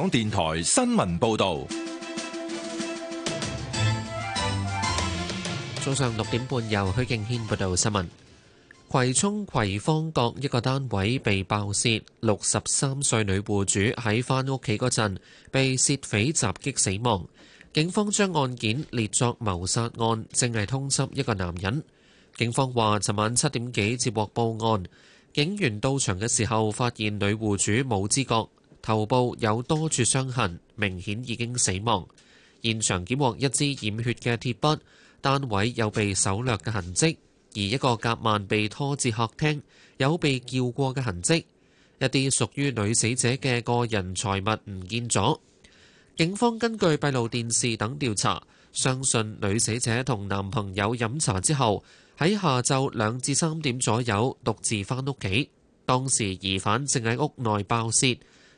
港電台新聞報道：早上六點半，由許敬軒報道新聞。葵涌葵芳角一個單位被爆竊，六十三歲女戶主喺返屋企嗰陣被竊匪襲擊死亡。警方將案件列作謀殺案，正係通緝一個男人。警方話，尋晚七點幾接獲報案，警員到場嘅時候發現女戶主冇知覺。頭部有多處傷痕，明顯已經死亡。現場檢獲一支染血嘅鐵筆，單位有被搜掠嘅痕跡，而一個夾萬被拖至客廳，有被撬過嘅痕跡。一啲屬於女死者嘅個人財物唔見咗。警方根據閉路電視等調查，相信女死者同男朋友飲茶之後，喺下晝兩至三點左右獨自返屋企。當時疑犯正喺屋內爆竊。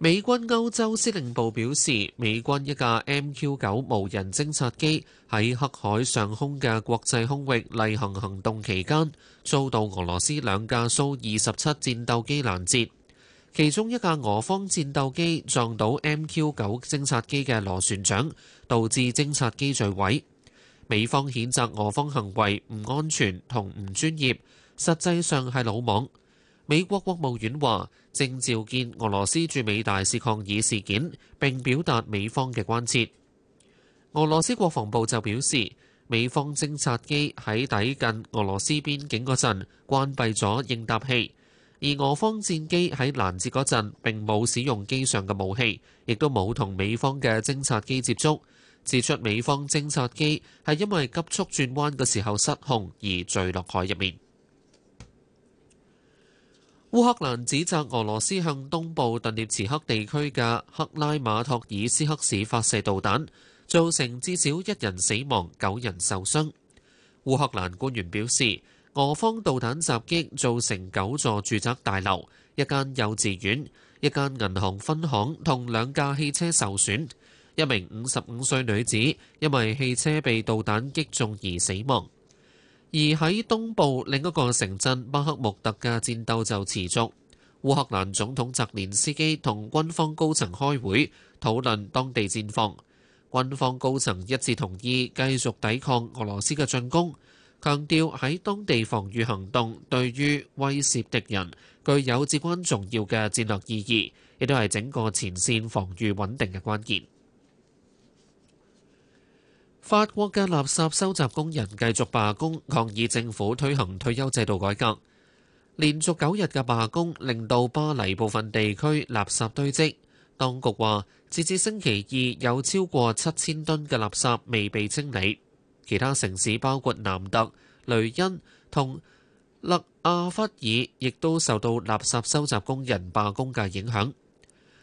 美軍歐洲司令部表示，美軍一架 MQ 九無人偵察機喺黑海上空嘅國際空域例行行動期間，遭到俄羅斯兩架蘇二十七戰鬥機攔截，其中一架俄方戰鬥機撞到 MQ 九偵察機嘅螺旋槳，導致偵察機墜毀。美方譴責俄方行為唔安全同唔專業，實際上係魯莽。美國國務院話，正召見俄羅斯駐美大使抗議事件，並表達美方嘅關切。俄羅斯國防部就表示，美方偵察機喺抵近俄羅斯邊境嗰陣關閉咗應答器，而俄方戰機喺攔截嗰陣並冇使用機上嘅武器，亦都冇同美方嘅偵察機接觸。指出美方偵察機係因為急速轉彎嘅時候失控而墜落海入面。烏克蘭指責俄羅斯向東部頓涅茨克地區嘅克拉馬托爾斯克市發射導彈，造成至少一人死亡、九人受傷。烏克蘭官員表示，俄方導彈襲擊造成九座住宅大樓、一間幼稚園、一間銀行分行同兩架汽車受損，一名五十五歲女子因為汽車被導彈擊中而死亡。而喺東部另一個城鎮巴克穆特嘅戰鬥就持續。烏克蘭總統澤連斯基同軍方高層開會討論當地戰況，軍方高層一致同意繼續抵抗俄羅斯嘅進攻，強調喺當地防禦行動對於威脅敵人具有至關重要嘅戰略意義，亦都係整個前線防禦穩定嘅關鍵。法國嘅垃圾收集工人繼續罷工，抗議政府推行退休制度改革，連續九日嘅罷工令到巴黎部分地區垃圾堆積。當局話，截至星期二有超過七千噸嘅垃圾未被清理。其他城市包括南特、雷恩同勒阿弗爾，亦都受到垃圾收集工人罷工嘅影響。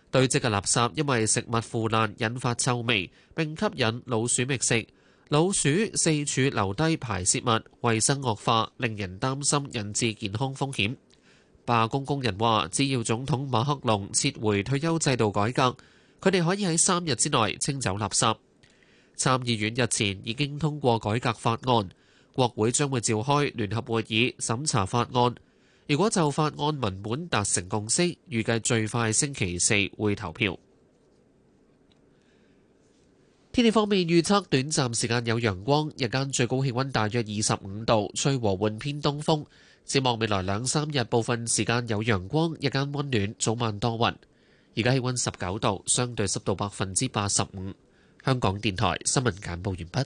堆積嘅垃圾因為食物腐爛，引發臭味，並吸引老鼠覓食。老鼠四處留低排泄物，衛生惡化，令人擔心引致健康風險。罷工工人話：只要總統馬克龍撤回退休制度改革，佢哋可以喺三日之內清走垃圾。參議院日前已經通過改革法案，國會將會召開聯合會議審查法案。如果就法案文本達成共識，預計最快星期四會投票。天氣方面預測，預測短暫時間有陽光，日間最高氣溫大約二十五度，吹和緩偏東風。展望未來兩三日，部分時間有陽光，日間溫暖，早晚多雲。而家氣溫十九度，相對濕度百分之八十五。香港電台新聞簡報完畢。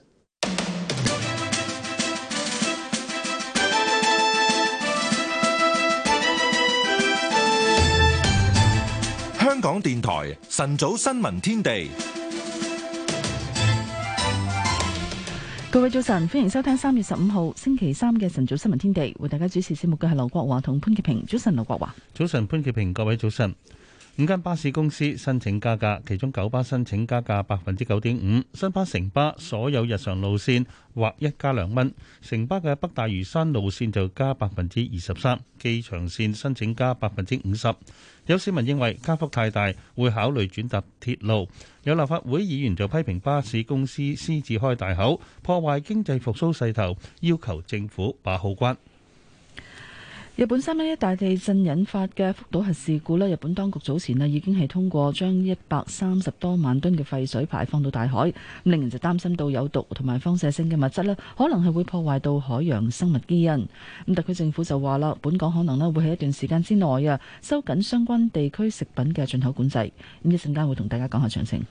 香港電台晨早新聞天地。各位早晨，歡迎收聽三月十五號星期三嘅晨早新聞天地，為大家主持節目嘅係劉國華同潘潔平。早晨，劉國華。早晨，潘潔平。各位早晨。五間巴士公司申請加價，其中九巴申請加價百分之九點五，新巴、城巴所有日常路線或一加兩蚊，城巴嘅北大嶼山路線就加百分之二十三，機場線申請加百分之五十。有市民認為加幅太大，會考慮轉搭鐵路。有立法會議員就批評巴士公司私自開大口，破壞經濟復蘇勢頭，要求政府把好關。日本三一一大地震引發嘅福島核事故咧，日本當局早前呢已經係通過將一百三十多萬噸嘅廢水排放到大海，令人就擔心到有毒同埋放射性嘅物質咧，可能係會破壞到海洋生物基因。咁特區政府就話啦，本港可能呢會喺一段時間之內啊，收緊相關地區食品嘅進口管制。咁一陣間會同大家講下詳情。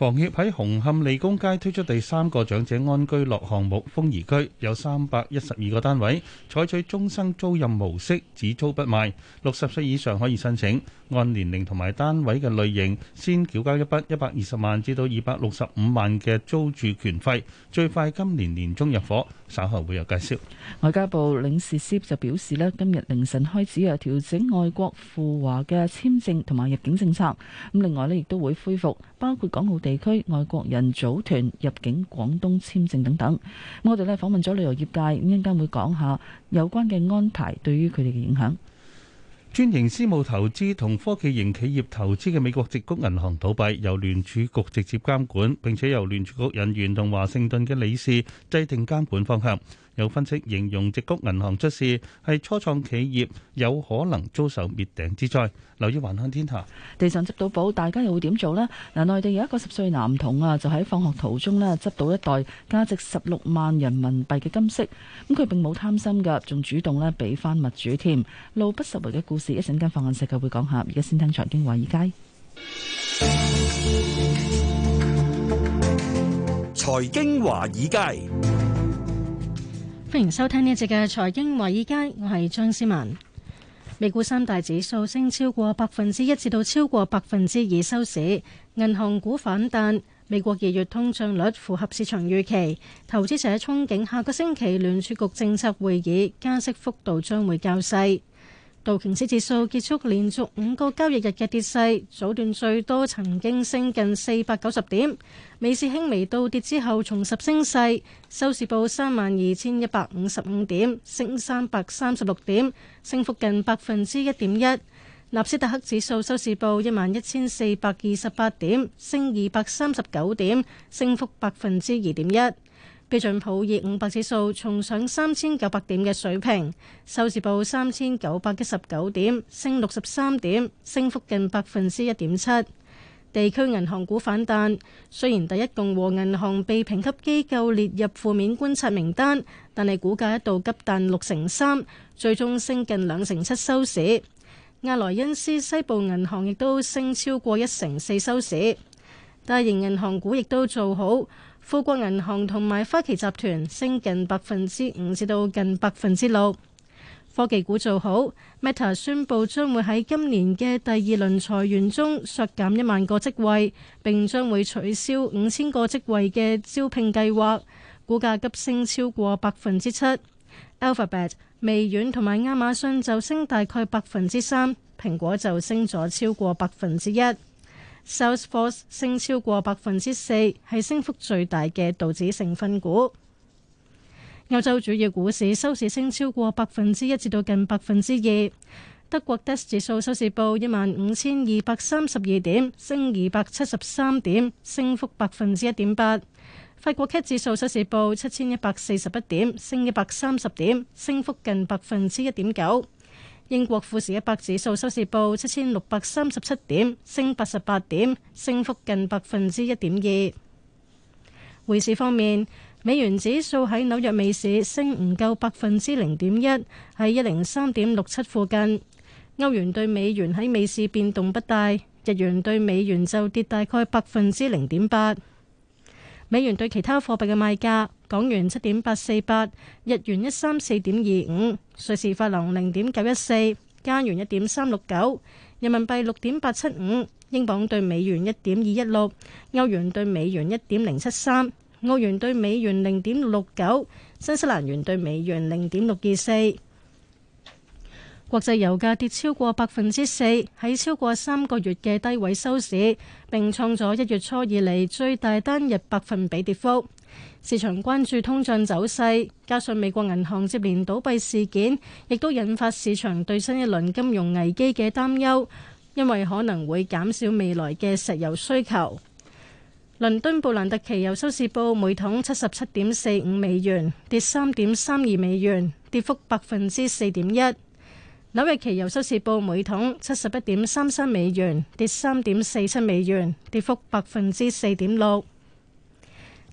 房協喺紅磡利工街推出第三個長者安居樂項目豐頤居，有三百一十二個單位，採取終身租賃模式，只租不賣，六十歲以上可以申請。按年齡同埋單位嘅類型，先繳交一筆一百二十萬至到二百六十五萬嘅租住權費，最快今年年中入伙，稍後會有介紹。外交部領事司就表示咧，今日凌晨開始啊，調整外國赴華嘅簽證同埋入境政策。咁另外咧，亦都會恢復包括港澳地區外國人組團入境廣東簽證等等。我哋咧訪問咗旅遊業界，會會一陣間會講下有關嘅安排對於佢哋嘅影響。專營私募投資同科技型企業投資嘅美國矽谷銀行倒閉，由聯儲局直接監管，並且由聯儲局人員同華盛頓嘅理事制定監管方向。有分析形容矽谷銀行出事係初創企業，有可能遭受滅頂之災。留意《環看天下》，地上執到寶，大家又會點做咧？嗱，內地有一個十歲男童啊，就喺放學途中咧執到一袋價值十六萬人民幣嘅金飾，咁佢並冇貪心㗎，仲主動咧俾翻物主添。路不拾遺嘅故事，一陣間放眼世界會講下。而家先聽財經華爾街，財經華爾街。歡迎收聽呢一節嘅財經華爾街，我係張思文。美股三大指數升超過百分之一，至到超過百分之二收市，銀行股反彈。美國二月通脹率符合市場預期，投資者憧憬下個星期聯儲局政策會議加息幅度將會較細。道瓊斯指數結束連續五個交易日嘅跌勢，早段最多曾經升近四百九十點，尾市輕微倒跌之後重拾升勢，收市報三萬二千一百五十五點，升三百三十六點，升幅近百分之一點一。納斯達克指數收市報一萬一千四百二十八點，升二百三十九點，升幅百分之二點一。標準普爾五百指數重上三千九百點嘅水平，收市報三千九百一十九點，升六十三點，升幅近百分之一點七。地區銀行股反彈，雖然第一共和銀行被評級機構列入負面觀察名單，但係股價一度急彈六成三，最終升近兩成七收市。亞萊恩斯西部銀行亦都升超過一成四收市，大型銀行股亦都做好。富國銀行同埋花旗集團升近百分之五，至到近百分之六。科技股做好，Meta 宣布將會喺今年嘅第二輪裁員中削減一萬個職位，並將會取消五千個職位嘅招聘計劃，股價急升超過百分之七。Alphabet、微軟同埋亞馬遜就升大概百分之三，蘋果就升咗超過百分之一。Salesforce 升超過百分之四，係升幅最大嘅道指成分股。歐洲主要股市收市升超過百分之一至到近百分之二。德國 DAX 指數收市報一萬五千二百三十二點，升二百七十三點，升幅百分之一點八。法國 CAC 指數收市報七千一百四十一點，升一百三十點，升幅近百分之一點九。英國富時一百指數收市報七千六百三十七點，升八十八點，升幅近百分之一點二。匯市方面，美元指數喺紐約美市升唔夠百分之零點一，喺一零三點六七附近。歐元對美元喺美市變動不大，日元對美元就跌大概百分之零點八。美元對其他貨幣嘅賣價：港元七點八四八，日元一三四點二五，瑞士法郎零點九一四，加元一點三六九，人民幣六點八七五，英鎊對美元一點二一六，歐元對美元一點零七三，澳元對美元零點六九，新西蘭元對美元零點六二四。國際油價跌超過百分之四，喺超過三個月嘅低位收市，並創咗一月初以嚟，最大單日百分比跌幅。市場關注通脹走勢，加上美國銀行接連倒閉事件，亦都引發市場對新一輪金融危機嘅擔憂，因為可能會減少未來嘅石油需求。倫敦布蘭特期油收市報每桶七十七點四五美元，跌三點三二美元，跌幅百分之四點一。紐約期油收市報每桶七十一點三三美元，跌三點四七美元，跌幅百分之四點六。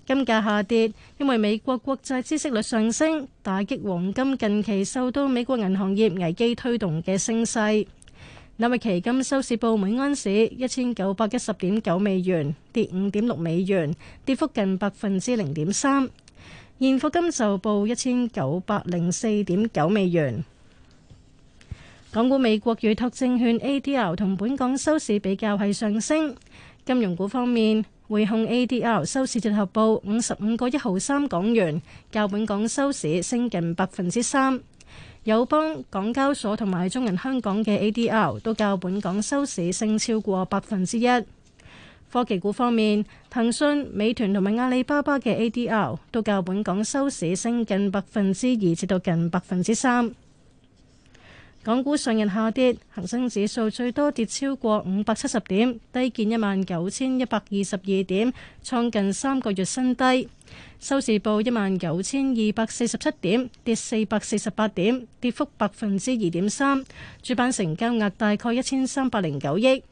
金價下跌，因為美國國債孳息率上升打擊黃金近期受到美國銀行業危機推動嘅升勢。紐約期金收市報每盎司一千九百一十點九美元，跌五點六美元，跌幅近百分之零點三。現貨金就報一千九百零四點九美元。港股美國預託證券 A D R 同本港收市比較係上升。金融股方面，匯控 A D R 收市折合報五十五個一毫三港元，較本港收市升近百分之三。友邦、港交所同埋中銀香港嘅 A D R 都較本港收市升超過百分之一。科技股方面，騰訊、美團同埋阿里巴巴嘅 A D R 都較本港收市升近百分之二至到近百分之三。港股上日下跌，恒生指數最多跌超過五百七十點，低見一萬九千一百二十二點，創近三個月新低。收市報一萬九千二百四十七點，跌四百四十八點，跌幅百分之二點三。主板成交額大概一千三百零九億。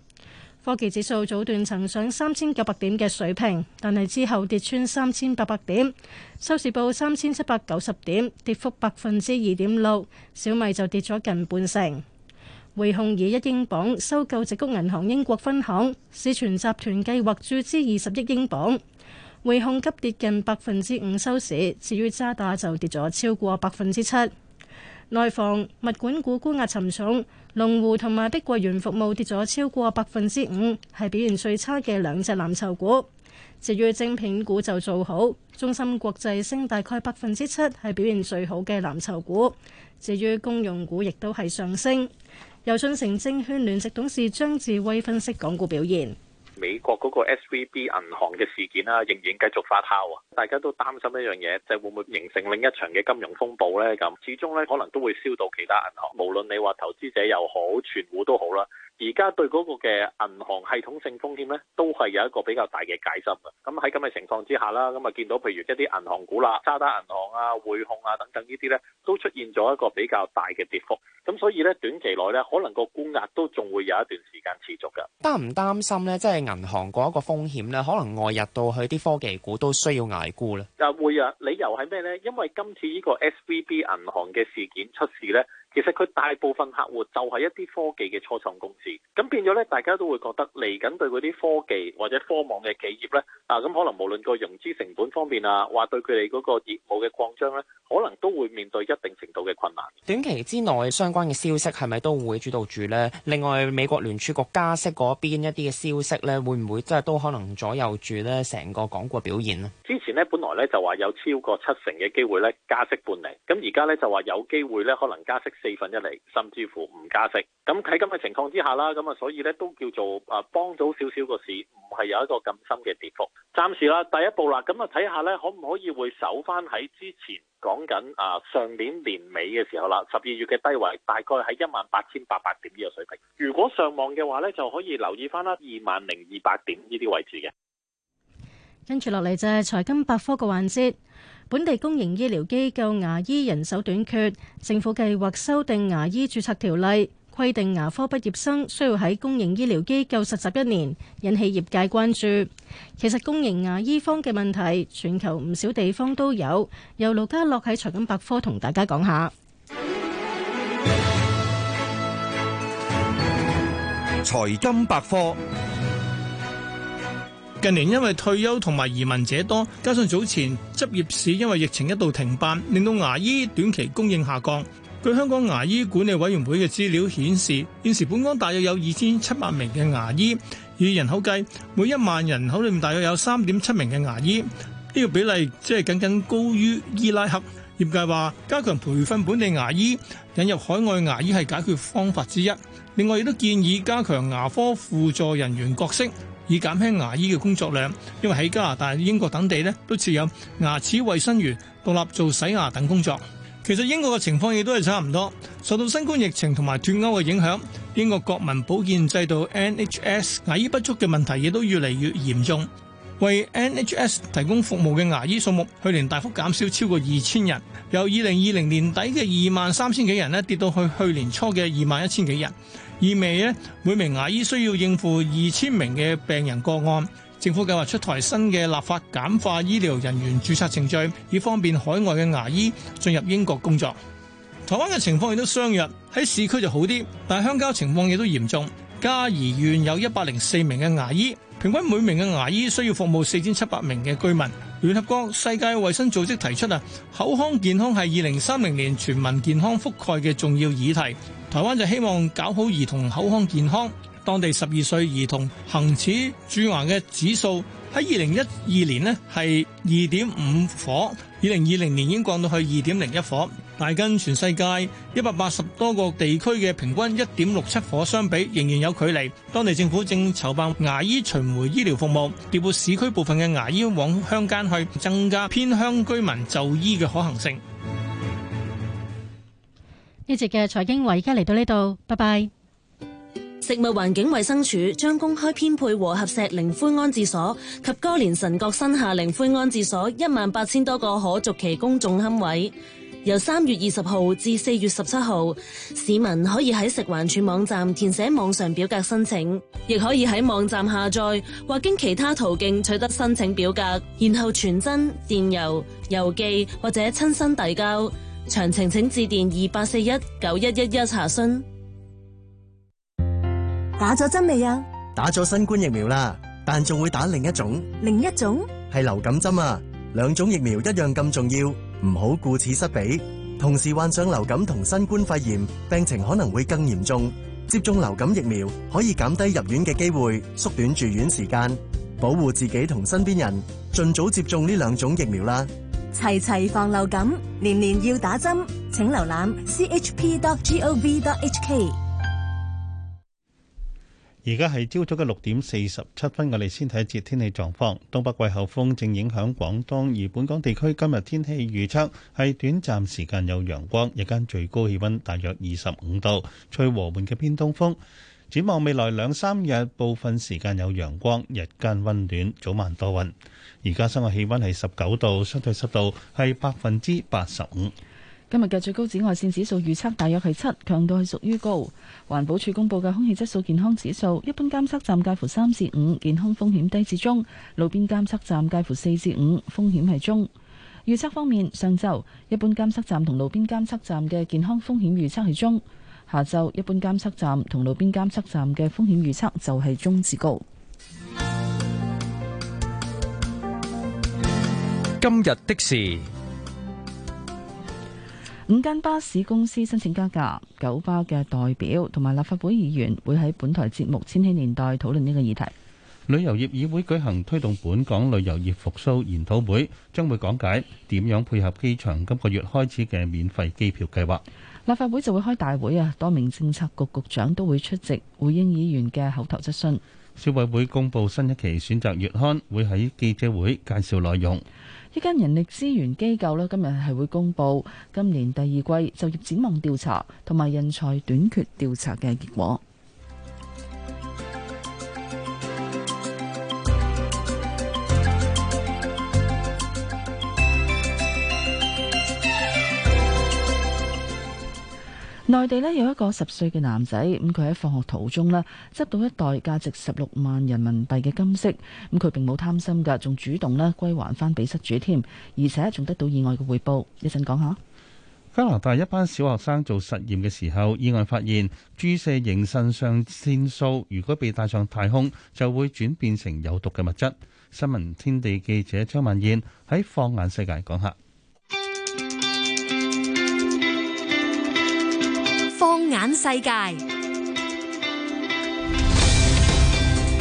科技指數早段曾上三千九百點嘅水平，但係之後跌穿三千八百點，收市報三千七百九十點，跌幅百分之二點六。小米就跌咗近半成。匯控以一英鎊收購矽谷銀行英國分行，市傳集團計劃注資二十億英鎊。匯控急跌近百分之五收市，至於渣打就跌咗超過百分之七。內房物管股沽壓沉重。龍湖同埋碧桂園服務跌咗超過百分之五，係表現最差嘅兩隻藍籌股。至於精品股就做好，中芯國際升大概百分之七，係表現最好嘅藍籌股。至於公用股亦都係上升。由信誠證券聯席董事張志威分析港股表現。美國嗰個 SVB 銀行嘅事件啦，仍然繼續發酵啊！大家都擔心一樣嘢，就係會唔會形成另一場嘅金融風暴呢？咁，始終呢，可能都會燒到其他銀行，無論你話投資者又好，全戶都好啦。而家對嗰個嘅銀行系統性風險咧，都係有一個比較大嘅戒心嘅。咁喺咁嘅情況之下啦，咁啊見到譬如一啲銀行股啦，渣打銀行啊、匯控啊等等呢啲咧，都出現咗一個比較大嘅跌幅。咁所以咧，短期內咧，可能個沽壓都仲會有一段時間持續嘅。擔唔擔心咧？即係銀行嗰一個風險咧，可能外溢到去啲科技股都需要捱沽咧？啊會啊！理由係咩咧？因為今次呢個 SVB 銀行嘅事件出事咧。其實佢大部分客戶就係一啲科技嘅初創公司，咁變咗咧，大家都會覺得嚟緊對嗰啲科技或者科網嘅企業咧，啊咁可能無論個融資成本方面啊，或對佢哋嗰個業務嘅擴張咧，可能都會面對一定程度嘅困難。短期之內相關嘅消息係咪都會主導住呢？另外美國聯儲局加息嗰邊一啲嘅消息咧，會唔會即係都可能左右住咧成個港股表現咧？之前咧本來咧就話有超過七成嘅機會咧加息半釐，咁而家咧就話有機會咧可能加息。四分一厘，甚至乎唔加息。咁喺咁嘅情況之下啦，咁啊，所以咧都叫做啊，幫到少少個市，唔係有一個咁深嘅跌幅。暫時啦，第一步啦，咁啊，睇下咧，可唔可以會守翻喺之前講緊啊上年年尾嘅時候啦，十二月嘅低位，大概喺一萬八千八百點呢個水平。如果上望嘅話咧，就可以留意翻啦，二萬零二百點呢啲位置嘅。跟住落嚟就係，財金百科嘅環節。本地公營醫療機構牙醫人手短缺，政府計劃修訂牙醫註冊條例，規定牙科畢業生需要喺公營醫療機構實習一年，引起業界關注。其實公營牙醫方嘅問題，全球唔少地方都有。由盧家樂喺財金百科同大家講下。財金百科。近年因為退休同埋移民者多，加上早前執業試因為疫情一度停辦，令到牙醫短期供應下降。據香港牙醫管理委員會嘅資料顯示，現時本港大約有二千七百名嘅牙醫，以人口計，每一萬人口裏面大約有三點七名嘅牙醫，呢個比例即係僅僅高於伊拉克。業界話加強培訓本地牙醫，引入海外牙醫係解決方法之一。另外亦都建議加強牙科輔助人員角色，以減輕牙醫嘅工作量，因為喺加拿大、英國等地咧都設有牙齒衛生員獨立做洗牙等工作。其實英國嘅情況亦都係差唔多，受到新冠疫情同埋脫歐嘅影響，英國國民保健制度 NHS 牙醫不足嘅問題亦都越嚟越嚴重。為 NHS 提供服務嘅牙醫數目去年大幅減少超過二千人，由二零二零年底嘅二萬三千幾人咧跌到去去年初嘅二萬一千幾人。意味咧，每名牙醫需要應付二千名嘅病人個案。政府計劃出台新嘅立法，簡化醫療人員註冊程序，以方便海外嘅牙醫進入英國工作。台灣嘅情況亦都相若，喺市區就好啲，但係鄉郊情況亦都嚴重。嘉義縣有一百零四名嘅牙醫，平均每名嘅牙醫需要服務四千七百名嘅居民。聯合國世界衛生組織提出啊，口腔健康係二零三零年全民健康覆蓋嘅重要議題。台灣就希望搞好兒童口腔健康，當地十二歲兒童恆齒蛀牙嘅指數喺二零一二年呢係二點五顆，二零二零年已經降到去二點零一顆。但係跟全世界一百八十多個地區嘅平均一點六七顆相比，仍然有距離。當地政府正籌辦牙醫巡迴醫療服務，調撥市區部分嘅牙醫往鄉間去，增加偏鄉居民就醫嘅可行性。呢節嘅財經話，而家嚟到呢度，拜拜。食物環境衛生署將公開編配和合石靈灰安置所及哥連臣角新廈靈灰安置所一萬八千多個可續期公眾龕位，由三月二十號至四月十七號，市民可以喺食環署網站填寫網上表格申請，亦可以喺網站下載或經其他途徑取得申請表格，然後傳真、電郵、郵寄或者親身遞交。詳情請致電二八四一九一一一查詢。打咗針未啊？打咗新冠疫苗啦，但仲會打另一種。另一種係流感針啊，兩種疫苗一樣咁重要，唔好顧此失彼。同時患上流感同新冠肺炎，病情可能會更嚴重。接種流感疫苗可以減低入院嘅機會，縮短住院時間，保護自己同身邊人。盡早接種呢兩種疫苗啦。齊齊防流感，年年要打針，請瀏覽 chp.gov.hk。而家係朝早嘅六點四十七分，我哋先睇一節天氣狀況。東北季候風正影響廣東，而本港地區今日天氣預測係短暫時間有陽光，日間最高氣温大約二十五度，吹和緩嘅偏東風。展望未來兩三日，部分時間有陽光，日間温暖，早晚多雲。而家室外氣溫係十九度，相對濕度係百分之八十五。今日嘅最高紫外線指數預測大約係七，強度係屬於高。環保署公佈嘅空氣質素健康指數，一般監測站介乎三至五，健康風險低至中；路邊監測站介乎四至五，風險係中。預測方面，上晝一般監測站同路邊監測站嘅健康風險預測係中；下晝一般監測站同路邊監測站嘅風險預測就係中至高。今日的事，五間巴士公司申請加價，九巴嘅代表同埋立法會議員會喺本台節目《千禧年代》討論呢個議題。旅遊業議會舉行推動本港旅遊業復蘇研討會，將會講解點樣配合機場今個月開始嘅免費機票計劃。立法會就會開大會啊，多名政策局局長都會出席回應議員嘅口頭質詢。消委會公布新一期選擇月刊，會喺記者會介紹內容。呢間人力資源機構咧，今日係會公布今年第二季就業展望調查同埋人才短缺調查嘅結果。內地咧，有一個十歲嘅男仔，咁佢喺放學途中啦，執到一袋價值十六萬人民幣嘅金飾，咁佢並冇貪心噶，仲主動咧歸還翻俾失主添，而且仲得到意外嘅回報。一陣講下，加拿大一班小學生做實驗嘅時候，意外發現注射型腎上腺素如果被帶上太空，就會轉變成有毒嘅物質。新聞天地記者張文燕喺放眼世界講下。眼世界，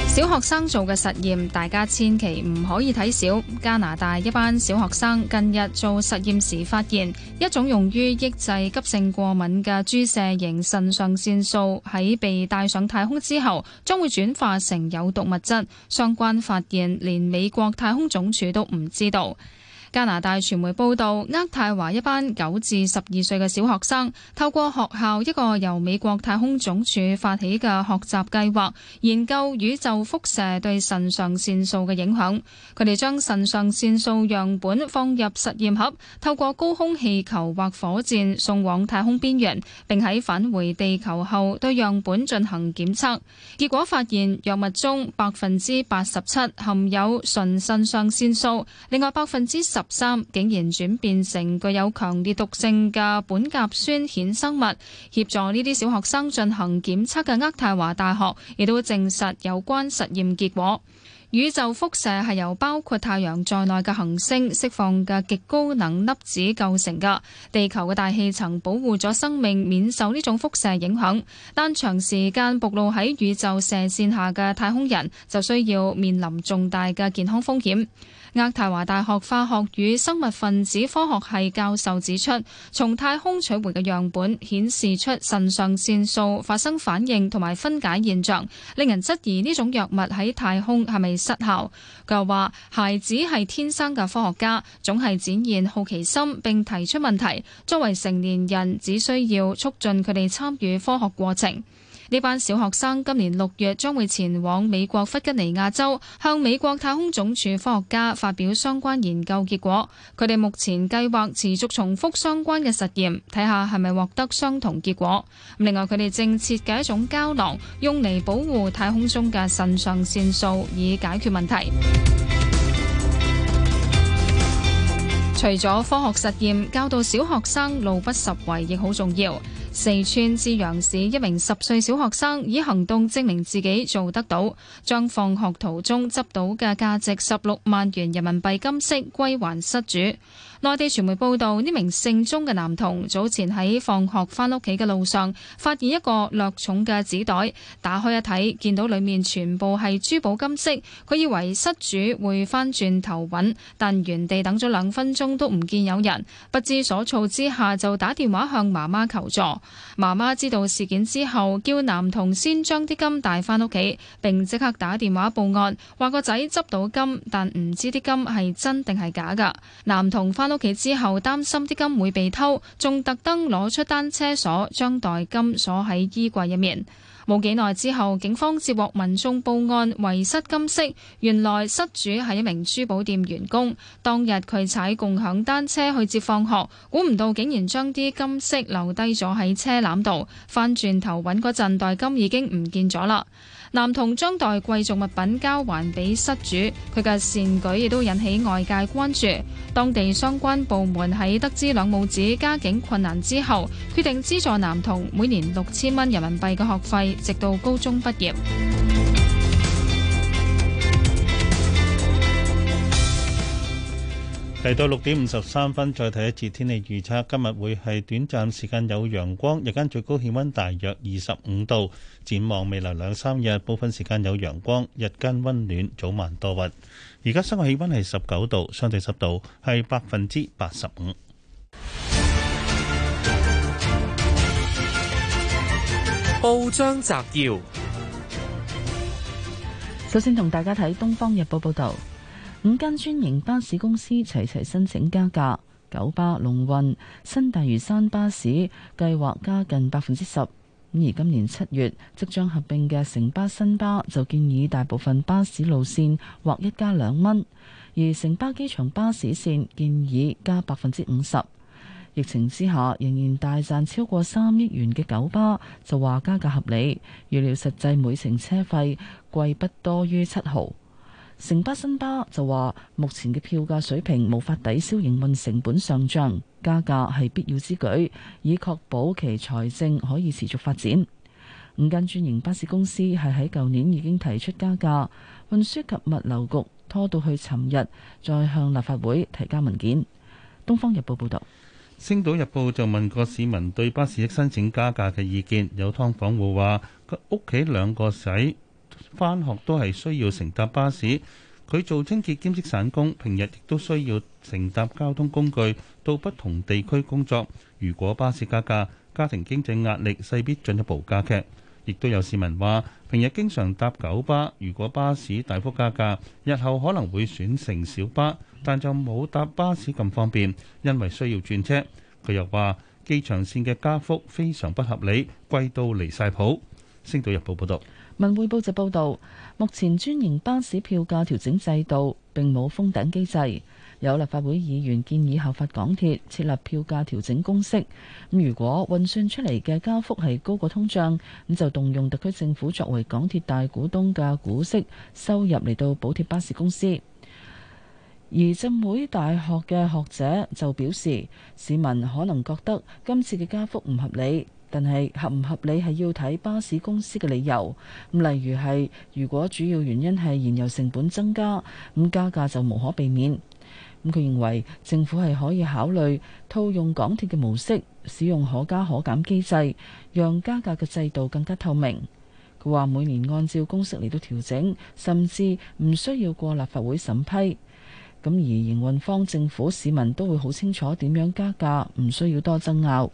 小學生做嘅實驗，大家千祈唔可以睇少。加拿大一班小學生近日做實驗時，發現一種用於抑制急性過敏嘅注射型腎上腺素喺被帶上太空之後，將會轉化成有毒物質。相關發現連美國太空總署都唔知道。加拿大傳媒報道，渥太華一班九至十二歲嘅小學生透過學校一個由美國太空總署發起嘅學習計劃，研究宇宙輻射對腎上腺素嘅影響。佢哋將腎上腺素樣本放入實驗盒，透過高空氣球或火箭送往太空邊緣，並喺返回地球後對樣本進行檢測。結果發現，藥物中百分之八十七含有純腎上腺素，另外百分之十。三竟然轉變成具有強烈毒性嘅苯甲酸衍生物，協助呢啲小學生進行檢測嘅渥太華大學亦都證實有關實驗結果。宇宙輻射係由包括太陽在內嘅恆星釋放嘅極高能粒子構成嘅，地球嘅大氣層保護咗生命免受呢種輻射影響，但長時間暴露喺宇宙射線下嘅太空人就需要面臨重大嘅健康風險。渥太華大學化學與生物分子科學系教授指出，從太空取回嘅樣本顯示出腎上腺素發生反應同埋分解現象，令人質疑呢種藥物喺太空係咪失效。佢又話，孩子係天生嘅科學家，總係展現好奇心，并提出問題。作為成年人，只需要促進佢哋參與科學過程。呢班小學生今年六月將會前往美國弗吉尼亞州，向美國太空總署科學家發表相關研究結果。佢哋目前計劃持續重複相關嘅實驗，睇下係咪獲得相同結果。另外，佢哋正設計一種膠囊，用嚟保護太空中嘅腎上腺素，以解決問題。除咗科學實驗，教導小學生路不拾遺亦好重要。四川資陽市一名十歲小學生以行動證明自己做得到，將放學途中執到嘅價值十六萬元人民幣金飾歸還失主。內地傳媒報道，呢名姓鍾嘅男童早前喺放學返屋企嘅路上，發現一個略重嘅紙袋，打開一睇，見到裏面全部係珠寶金飾。佢以為失主會翻轉頭揾，但原地等咗兩分鐘都唔見有人，不知所措之下就打電話向媽媽求助。媽媽知道事件之後，叫男童先將啲金帶返屋企，並即刻打電話報案，話個仔執到金，但唔知啲金係真定係假㗎。男童翻。屋企之後擔心啲金會被偷，仲特登攞出單車鎖，將袋金鎖喺衣櫃入面。冇幾耐之後，警方接獲民眾報案遺失金飾。原來失主係一名珠寶店員工。當日佢踩共享單車去接放學，估唔到竟然將啲金飾留低咗喺車籃度，翻轉頭揾嗰陣，袋金已經唔見咗啦。男童將袋貴重物品交還俾失主，佢嘅善舉亦都引起外界關注。當地相關部門喺得知兩母子家境困難之後，決定資助男童每年六千蚊人民幣嘅學費，直到高中畢業。嚟到六點五十三分，再睇一次天氣預測。今日會係短暫時間有陽光，日間最高氣溫大約二十五度。展望未來兩三日，部分時間有陽光，日間溫暖，早晚多雲。而家室外氣溫係十九度，相對濕度係百分之八十五。報章摘要，首先同大家睇《東方日報》報道。五間專營巴士公司齊齊申請加價，九巴、龍運、新大嶼山巴士計劃加近百分之十。而今年七月即將合併嘅城巴、新巴就建議大部分巴士路線劃一加兩蚊，而城巴機場巴士線建議加百分之五十。疫情之下仍然大賺超過三億元嘅九巴就話加價合理，預料實際每程車費貴不多於七毫。城巴新巴就話，目前嘅票價水平無法抵消營運成本上漲，加價係必要之舉，以確保其財政可以持續發展。五間專營巴士公司係喺舊年已經提出加價，運輸及物流局拖到去尋日再向立法會提交文件。東方日報報道，星島日報就問過市民對巴士申請加價嘅意見，有劏房戶話佢屋企兩個仔。返學都係需要乘搭巴士，佢做清潔兼職散工，平日亦都需要乘搭交通工具到不同地區工作。如果巴士加價，家庭經濟壓力勢必進一步加劇。亦都有市民話，平日經常搭九巴，如果巴士大幅加價，日後可能會選乘小巴，但就冇搭巴士咁方便，因為需要轉車。佢又話，機場線嘅加幅非常不合理，貴到離曬譜。星島日報報導。文匯報就報道，目前專營巴士票價調整制度並冇封頂機制，有立法會議員建議效法港鐵設立票價調整公式。咁如果運算出嚟嘅加幅係高過通脹，咁就動用特區政府作為港鐵大股東嘅股息收入嚟到補貼巴士公司。而浸會大學嘅學者就表示，市民可能覺得今次嘅加幅唔合理。但係合唔合理係要睇巴士公司嘅理由，咁例如係如果主要原因係燃油成本增加，咁加價就無可避免。咁佢認為政府係可以考慮套用港鐵嘅模式，使用可加可減機制，讓加價嘅制度更加透明。佢話每年按照公式嚟到調整，甚至唔需要過立法會審批。咁而營運方、政府、市民都會好清楚點樣加價，唔需要多爭拗。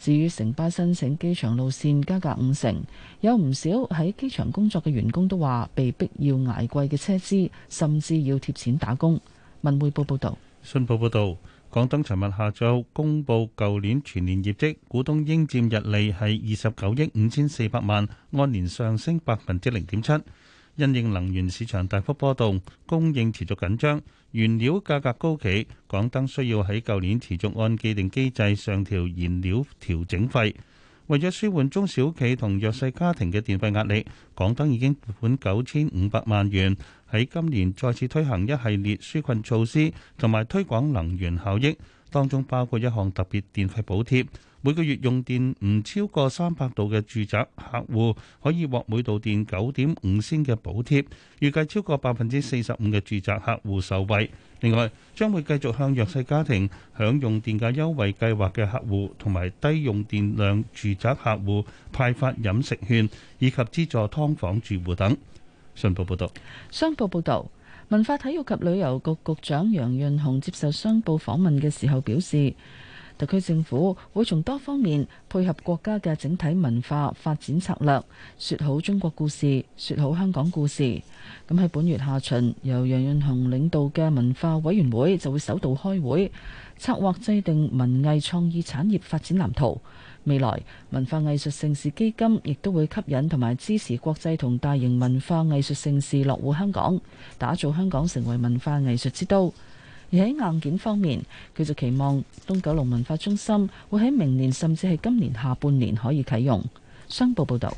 至於城巴申請機場路線加價五成，有唔少喺機場工作嘅員工都話被逼要捱貴嘅車資，甚至要貼錢打工。文匯報報導，信報報導，廣東尋日下晝公佈舊年全年業績，股東應佔溢利係二十九億五千四百萬，按年上升百分之零點七。因應能源市場大幅波動，供應持續緊張，原料價格高企，港燈需要喺舊年持續按既定機制上調燃料調整費。為咗舒緩中小企同弱勢家庭嘅電費壓力，港燈已經撥款九千五百萬元，喺今年再次推行一系列紓困措施，同埋推廣能源效益，當中包括一項特別電費補貼。每個月用電唔超過三百度嘅住宅客戶可以獲每度電九點五仙嘅補貼，預計超過百分之四十五嘅住宅客戶受惠。另外，將會繼續向弱勢家庭享用電價優惠計劃嘅客戶同埋低用電量住宅客戶派發飲食券，以及資助劏房住戶等。信報報導，商報報道：文化體育及旅遊局局長楊潤雄接受商報訪問嘅時候表示。特區政府會從多方面配合國家嘅整體文化發展策略，説好中國故事，説好香港故事。咁喺本月下旬，由楊潤雄領導嘅文化委員會就會首度開會，策劃制定文藝創意產業發展藍圖。未來文化藝術盛事基金亦都會吸引同埋支持國際同大型文化藝術盛事落戶香港，打造香港成為文化藝術之都。而喺硬件方面，佢就期望東九龍文化中心會喺明年甚至係今年下半年可以啟用。商報報道，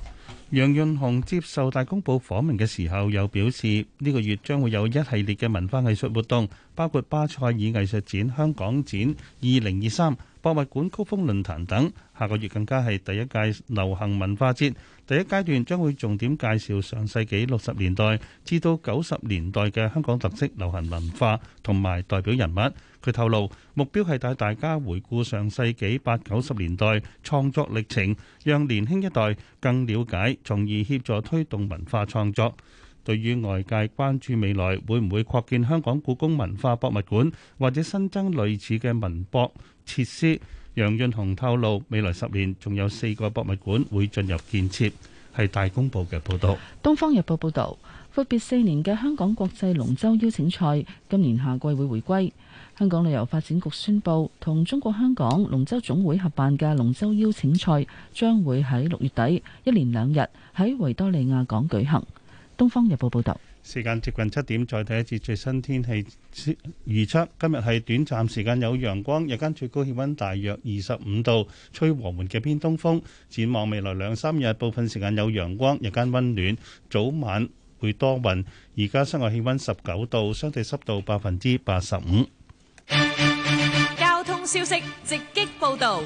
楊潤雄接受大公報訪問嘅時候，又表示呢個月將會有一系列嘅文化藝術活動，包括巴塞爾藝術展香港展二零二三。博物館、高峰論壇等，下個月更加係第一屆流行文化節。第一階段將會重點介紹上世紀六十年代至到九十年代嘅香港特色流行文化同埋代表人物。佢透露目標係帶大家回顧上世紀八九十年代創作歷程，讓年輕一代更了解，從而協助推動文化創作。對於外界關注未來會唔會擴建香港故宮文化博物館，或者新增類似嘅文博設施。楊潤雄透露，未來十年仲有四個博物館會進入建設，係大公報嘅報道。東方日報報道，闊別四年嘅香港國際龍舟邀請賽今年夏季會回歸。香港旅遊發展局宣布，同中國香港龍舟總會合辦嘅龍舟邀請賽將會喺六月底一連兩日喺維多利亞港舉行。東方日報報道。時間接近七點，再睇一節最新天氣預測。今日係短暫時間有陽光，日間最高氣溫大約二十五度，吹和緩嘅偏東風。展望未來兩三日，部分時間有陽光，日間溫暖，早晚會多雲。而家室外氣溫十九度，相對濕度百分之八十五。交通消息直擊報道。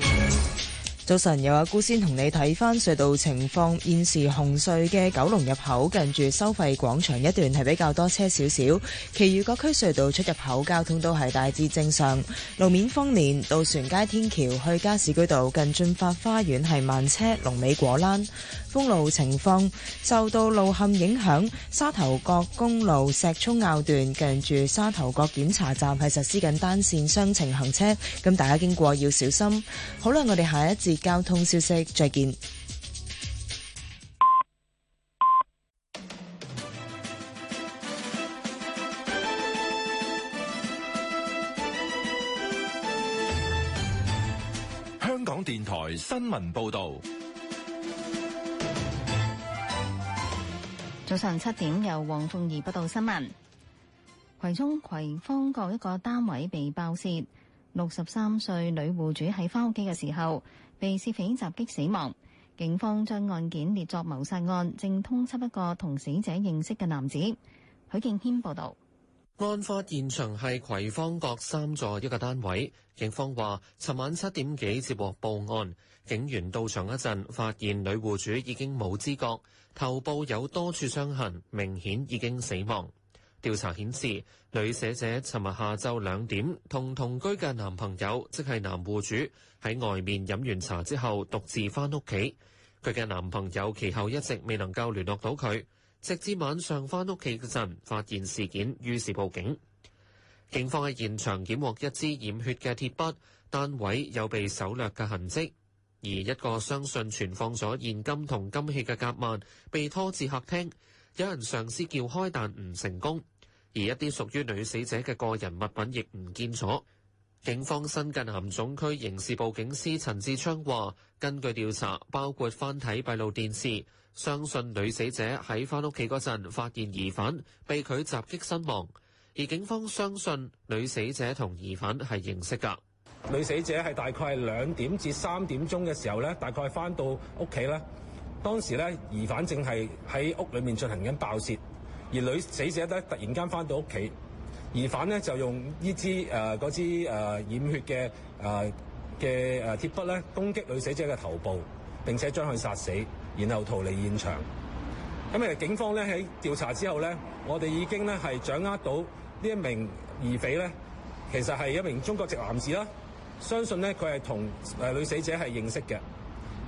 早晨，有阿姑先同你睇返隧道情況。現時紅隧嘅九龍入口近住收費廣場一段係比較多車少少，其餘各區隧道出入口交通都係大致正常。路面方面，渡船街天橋去加士居道近駿發花園係慢車，龍尾果欄。封路情況受到路陷影響，沙頭角公路石涌坳段近住沙頭角檢查站係實施緊單線雙程行車，咁大家經過要小心。好啦，我哋下一節。交通消息，再見。香港電台新聞報道，早上七點由黃鳳儀報道新聞。葵涌葵芳閣一個單位被爆竊，六十三歲女戶主喺翻屋企嘅時候。被涉匪襲擊死亡，警方將案件列作謀殺案，正通緝一個同死者認識嘅男子。許敬軒報道。案發現場係葵芳閣三座一個單位，警方話，尋晚七點幾接獲報案，警員到場一陣，發現女戶主已經冇知覺，頭部有多處傷痕，明顯已經死亡。調查顯示，女死者尋日下晝兩點同同居嘅男朋友，即係男戶主。喺外面飲完茶之後，獨自翻屋企。佢嘅男朋友其後一直未能夠聯絡到佢，直至晚上翻屋企嗰陣發現事件，於是報警。警方喺現場檢獲一支染血嘅鐵筆，單位有被搜掠嘅痕跡，而一個相信存放咗現金同金器嘅夾萬被拖至客廳，有人嘗試叫開但唔成功，而一啲屬於女死者嘅個人物品亦唔見咗。警方新界南總區刑事部警司陳志昌話，根據調查，包括翻睇閉路電視，相信女死者喺翻屋企嗰陣發現疑犯，被佢襲擊身亡。而警方相信女死者同疑犯係認識噶。女死者係大概兩點至三點鐘嘅時候咧，大概翻到屋企啦。當時咧，疑犯正係喺屋裏面進行緊爆竊，而女死者咧突然間翻到屋企。疑犯咧就用呢支誒嗰支誒染血嘅誒嘅誒鐵筆咧攻擊女死者嘅頭部，並且將佢殺死，然後逃離現場。咁、嗯、誒警方咧喺調查之後咧，我哋已經咧係掌握到呢一名疑匪咧，其實係一名中國籍男士啦。相信咧佢係同誒女死者係認識嘅。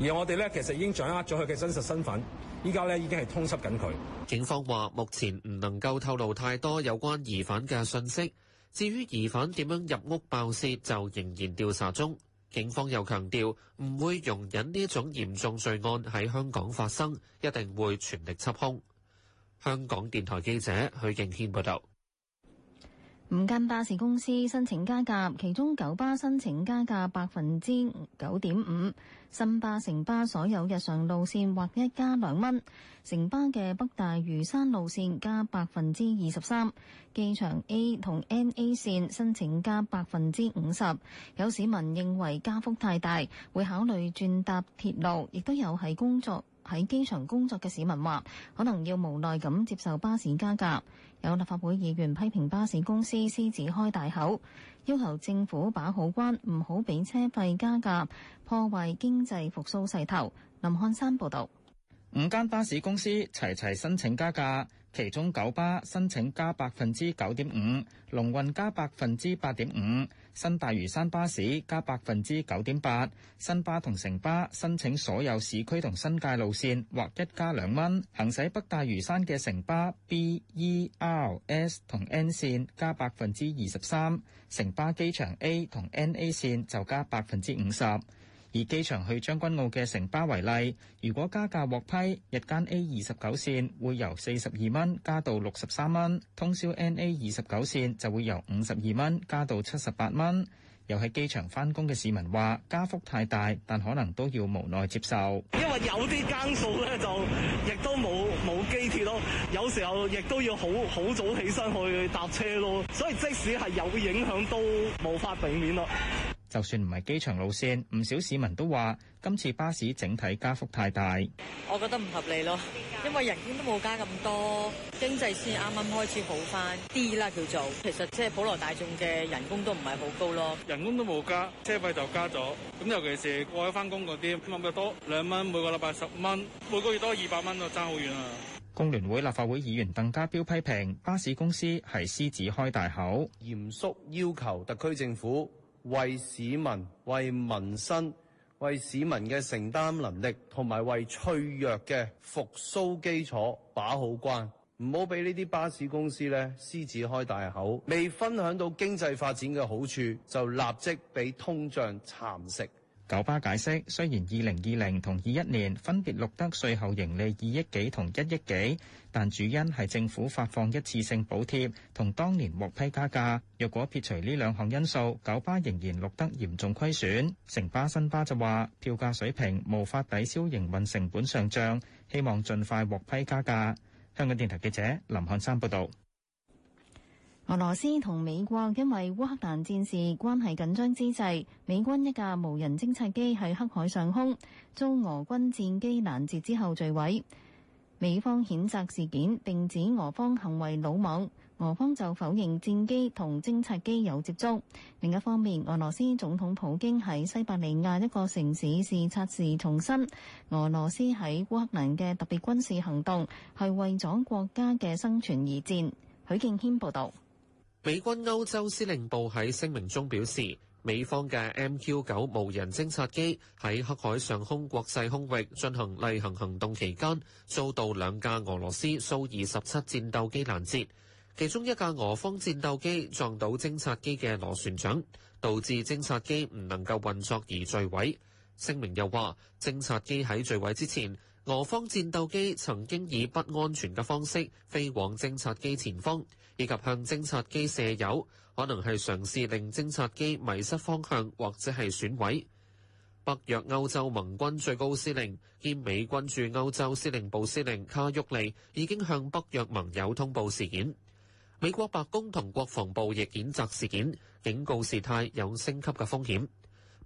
而我哋咧，其實已經掌握咗佢嘅真實身份，依家咧已經係通緝緊佢。警方話：目前唔能夠透露太多有關疑犯嘅信息。至於疑犯點樣入屋爆竊，就仍然調查中。警方又強調，唔會容忍呢一種嚴重罪案喺香港發生，一定會全力緝兇。香港電台記者許敬軒報導。五間巴士公司申請加價，其中九巴申請加價百分之九點五，新巴、城巴所有日常路線劃一加兩蚊，城巴嘅北大嶼山路線加百分之二十三，機場 A 同 NA 線申請加百分之五十。有市民認為加幅太大，會考慮轉搭鐵路，亦都有係工作。喺機場工作嘅市民話，可能要無奈咁接受巴士加價。有立法會議員批評巴士公司獅子開大口，要求政府把好關，唔好俾車費加價，破壞經濟復甦勢頭。林漢山報導。五間巴士公司齊齊申請加價。其中九巴申請加百分之九點五，龍運加百分之八點五，新大嶼山巴士加百分之九點八，新巴同城巴申請所有市區同新界路線或一加兩蚊。行駛北大嶼山嘅城巴 BERS 同 N 線加百分之二十三，城巴機場 A 同 NA 線就加百分之五十。以機場去將軍澳嘅城巴為例，如果加價獲批，日間 A 二十九線會由四十二蚊加到六十三蚊，通宵 N A 二十九線就會由五十二蚊加到七十八蚊。又喺機場返工嘅市民話：加幅太大，但可能都要無奈接受。因為有啲更數咧，就亦都冇冇機鐵咯，有時候亦都要好好早起身去搭車咯，所以即使係有影響，都無法避免咯。就算唔係機場路線，唔少市民都話今次巴士整體加幅太大，我覺得唔合理咯。因為人工都冇加咁多，經濟先啱啱開始好翻啲啦，叫做其實即係普羅大眾嘅人工都唔係好高咯。人工都冇加，車費就加咗。咁尤其是過咗翻工嗰啲，咁多兩蚊每個禮拜，十蚊每個月多二百蚊，差好遠啊！工聯會立法會議員鄧家彪批評巴士公司係獅子開大口，嚴肅要求特區政府。為市民、為民生、為市民嘅承擔能力，同埋為脆弱嘅復甦基礎把好關，唔好俾呢啲巴士公司呢獅子開大口，未分享到經濟發展嘅好處，就立即俾通脹蠶食。九巴解釋，雖然二零二零同二一年分別錄得稅後盈利二億幾同一億幾，但主因係政府發放一次性補貼同當年獲批加價。若果撇除呢兩項因素，九巴仍然錄得嚴重虧損。城巴、新巴就話，票價水平無法抵消營運成本上漲，希望盡快獲批加價。香港電台記者林漢山報道。俄羅斯同美國因為烏克蘭戰事關係緊張之際，美軍一架無人偵察機喺黑海上空遭俄軍戰機攔截之後墜毀，美方譴責事件，並指俄方行為魯莽。俄方就否認戰機同偵察機有接觸。另一方面，俄羅斯總統普京喺西伯利亞一個城市視察時重申，俄羅斯喺烏克蘭嘅特別軍事行動係為咗國家嘅生存而戰。許敬軒報道。美軍歐洲司令部喺聲明中表示，美方嘅 MQ 九無人偵察機喺黑海上空國際空域進行例行行動期間，遭到兩架俄羅斯蘇二十七戰鬥機攔截，其中一架俄方戰鬥機撞到偵察機嘅螺旋槳，導致偵察機唔能夠運作而墜毀。聲明又話，偵察機喺墜毀之前，俄方戰鬥機曾經以不安全嘅方式飛往偵察機前方，以及向偵察機射油，可能係嘗試令偵察機迷失方向或者係損毀。北約歐洲盟軍最高司令兼美軍駐歐洲司令部司令卡沃利已經向北約盟友通報事件。美國白宮同國防部亦譴責事件，警告事態有升級嘅風險。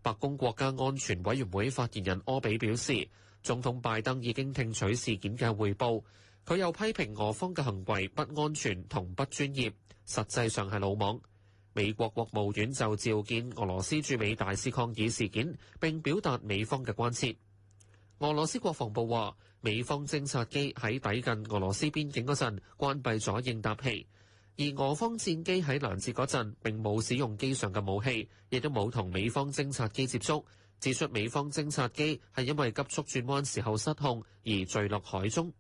白宮國家安全委員會發言人柯比表示。總統拜登已經聽取事件嘅彙報，佢又批評俄方嘅行為不安全同不專業，實際上係魯莽。美國國務院就召見俄羅斯駐美大使抗議事件，並表達美方嘅關切。俄羅斯國防部話，美方偵察機喺抵近俄羅斯邊境嗰陣關閉咗應答器，而俄方戰機喺攔截嗰陣並冇使用機上嘅武器，亦都冇同美方偵察機接觸。指出美方偵察機係因為急速轉彎時候失控而墜落海中。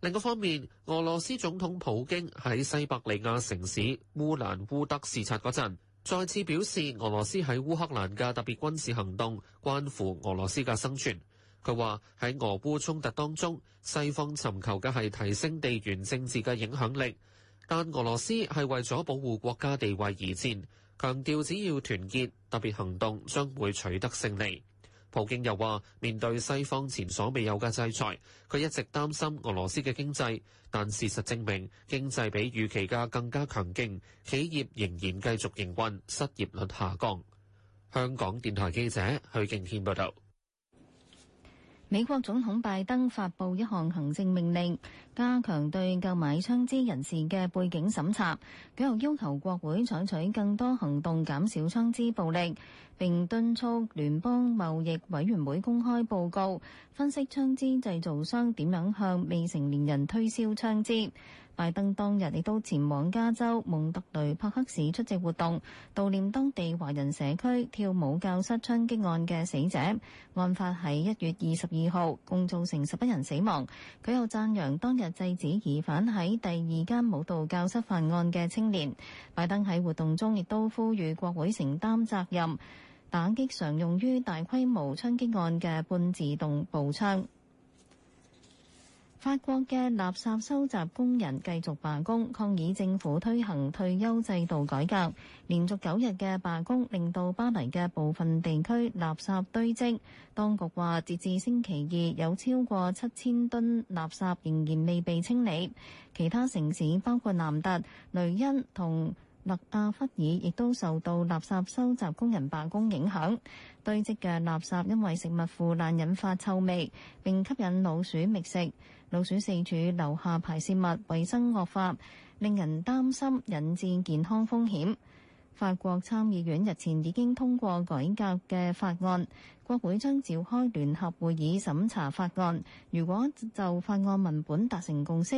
另一方面，俄羅斯總統普京喺西伯利亞城市烏蘭烏德視察嗰陣，再次表示俄羅斯喺烏克蘭嘅特別軍事行動關乎俄羅斯嘅生存。佢話喺俄烏衝突當中，西方尋求嘅係提升地緣政治嘅影響力，但俄羅斯係為咗保護國家地位而戰。強調只要團結，特別行動將會取得勝利。普京又話：面對西方前所未有嘅制裁，佢一直擔心俄羅斯嘅經濟，但事實證明經濟比預期嘅更加強勁，企業仍然繼續營運，失業率下降。香港電台記者許敬軒報導。美國總統拜登發布一項行政命令，加強對購買槍支人士嘅背景審查，佢又要求國會採取更多行動，減少槍支暴力，並敦促聯邦貿易委員會公開報告，分析槍支製造商點樣向未成年人推銷槍支。拜登當日亦都前往加州蒙特雷帕克市出席活動，悼念當地華人社區跳舞教室槍擊案嘅死者。案發喺一月二十二號，共造成十一人死亡。佢又讚揚當日制止疑犯喺第二間舞蹈教室犯案嘅青年。拜登喺活動中亦都呼籲國會承擔責任，打擊常用於大規模槍擊案嘅半自動步槍。法國嘅垃圾收集工人繼續罷工，抗議政府推行退休制度改革，連續九日嘅罷工令到巴黎嘅部分地區垃圾堆積。當局話，截至星期二，有超過七千噸垃圾仍然未被清理。其他城市包括南特、雷恩同勒阿弗爾，亦都受到垃圾收集工人罷工影響。堆積嘅垃圾因為食物腐爛，引發臭味，並吸引老鼠覓食。老鼠四處留下排泄物，衛生惡化，令人擔心引致健康風險。法國參議院日前已經通過改革嘅法案，國會將召開聯合會議審查法案。如果就法案文本達成共識，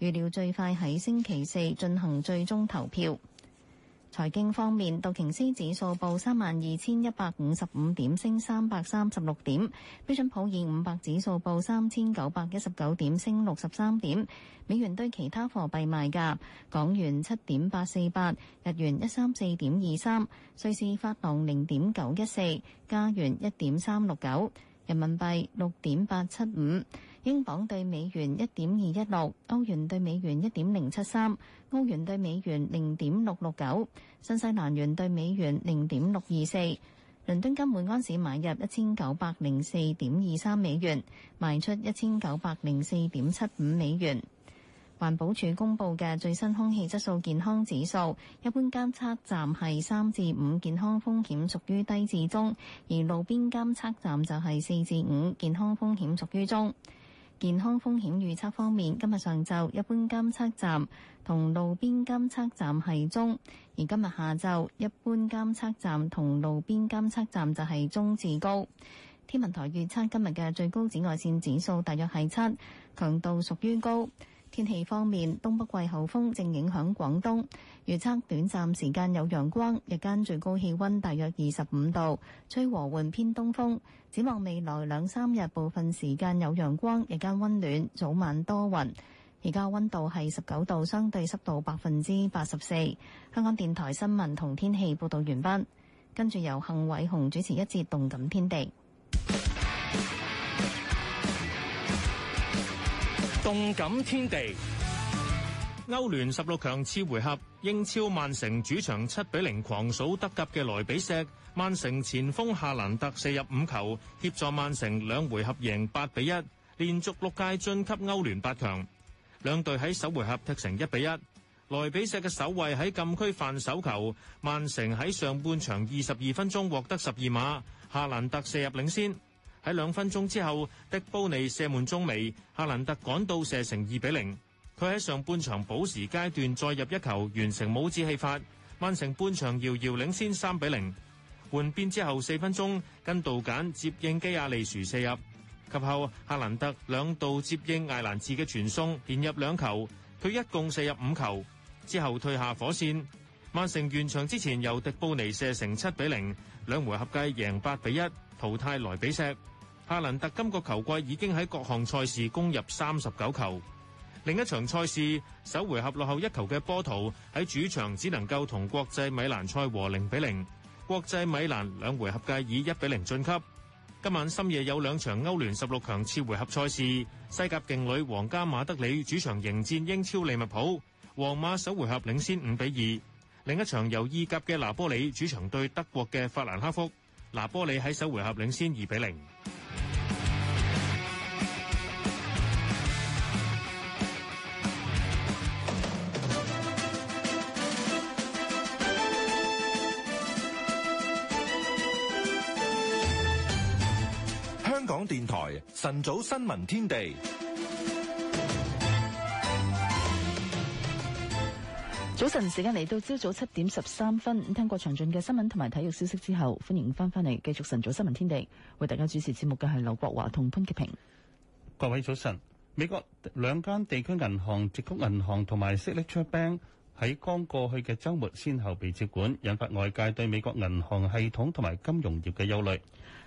預料最快喺星期四進行最終投票。財經方面，道瓊斯指數報三萬二千一百五十五點，升三百三十六點；標準普爾五百指數報三千九百一十九點，升六十三點。美元對其他貨幣賣價：港元七點八四八，日元一三四點二三，瑞士法郎零點九一四，加元一點三六九，人民幣六點八七五。英鎊對美元一點二一六，歐元對美元一點零七三，歐元對美元零點六六九，新西蘭元對美元零點六二四。倫敦金每安士買入一千九百零四點二三美元，賣出一千九百零四點七五美元。環保署公佈嘅最新空氣質素健康指數，一般監測站係三至五，健康風險屬於低至中；而路邊監測站就係四至五，健康風險屬於中。健康風險預測方面，今日上晝一般監測站同路邊監測站係中，而今日下晝一般監測站同路邊監測站就係中至高。天文台預測今日嘅最高紫外線指數大約係七，強度屬於高。天氣方面，東北季候風正影響廣東，預測短暫時間有陽光，日間最高氣温大約二十五度，吹和緩偏東風。展望未來兩三日，部分時間有陽光，日間温暖，早晚多雲。而家温度係十九度，相對濕度百分之八十四。香港電台新聞同天氣報道完畢，跟住由幸偉雄主持一節《動感天地》。動感天地，歐聯十六強次回合，英超曼城主場七比零狂掃德甲嘅萊比錫。曼城前鋒夏蘭特射入五球，協助曼城兩回合贏八比一，連續六屆晉級歐聯八強。兩隊喺首回合踢成一比一。萊比錫嘅守衛喺禁區犯手球，曼城喺上半場二十二分鐘獲得十二碼，夏蘭特射入領先。喺兩分鐘之後，迪布尼射門中楣，夏蘭特趕到射成二比零。佢喺上半場補時階段再入一球，完成帽子戲法。曼城半場遙遙領先三比零。換邊之後四分鐘，根道簡接應基亞利殊射入，及後夏蘭特兩度接應艾蘭治嘅傳送，連入兩球。佢一共射入五球，之後退下火線。曼城完場之前由迪布尼射成七比零，兩回合計贏八比一，淘汰萊比錫。卡林特今個球季已經喺各項賽事攻入三十九球。另一場賽事，首回合落後一球嘅波圖喺主場只能夠同國際米蘭賽和零比零。國際米蘭兩回合計以一比零晉級。今晚深夜有兩場歐聯十六強次回合賽事，西甲勁旅皇家馬德里主場迎戰英超利物浦，皇馬首回合領先五比二。另一場由意甲嘅拿波里主場對德國嘅法蘭克福，拿波里喺首回合領先二比零。晨早新聞天地，早晨時間嚟到朝早七點十三分，聽過詳盡嘅新聞同埋體育消息之後，歡迎翻返嚟繼續晨早新聞天地，為大家主持節目嘅係劉國華同潘潔平。各位早晨。美國兩間地區銀行，直谷銀行同埋 Signature Bank 喺剛過去嘅週末，先後被接管，引發外界對美國銀行系統同埋金融業嘅憂慮。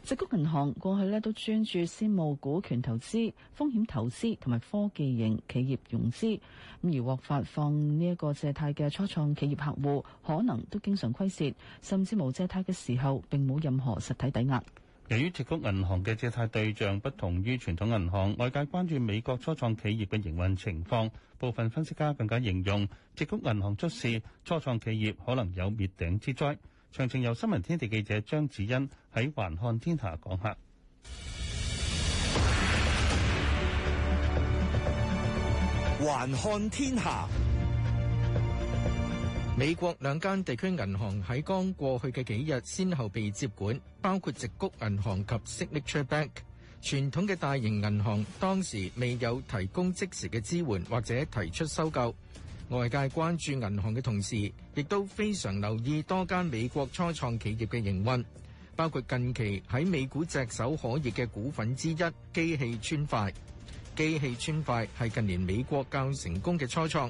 硅谷銀行過去咧都專注私募股權投資、風險投資同埋科技型企業融資，咁而獲發放呢一個借貸嘅初創企業客戶，可能都經常虧蝕，甚至無借貸嘅時候並冇任何實體抵押。由於矽谷銀行嘅借貸對象不同於傳統銀行，外界關注美國初創企業嘅營運情況。部分分析家更加形容矽谷銀行出事，初創企業可能有滅頂之災。詳情由新聞天地記者張子欣喺環看天下講下。環看天下。美國兩間地區銀行喺剛過去嘅幾日，先後被接管，包括矽谷銀行及 Signature Bank。傳統嘅大型銀行當時未有提供即時嘅支援或者提出收購。外界關注銀行嘅同時，亦都非常留意多間美國初創企業嘅營運，包括近期喺美股炙手可熱嘅股份之一機器磚塊。機器磚塊係近年美國較成功嘅初創。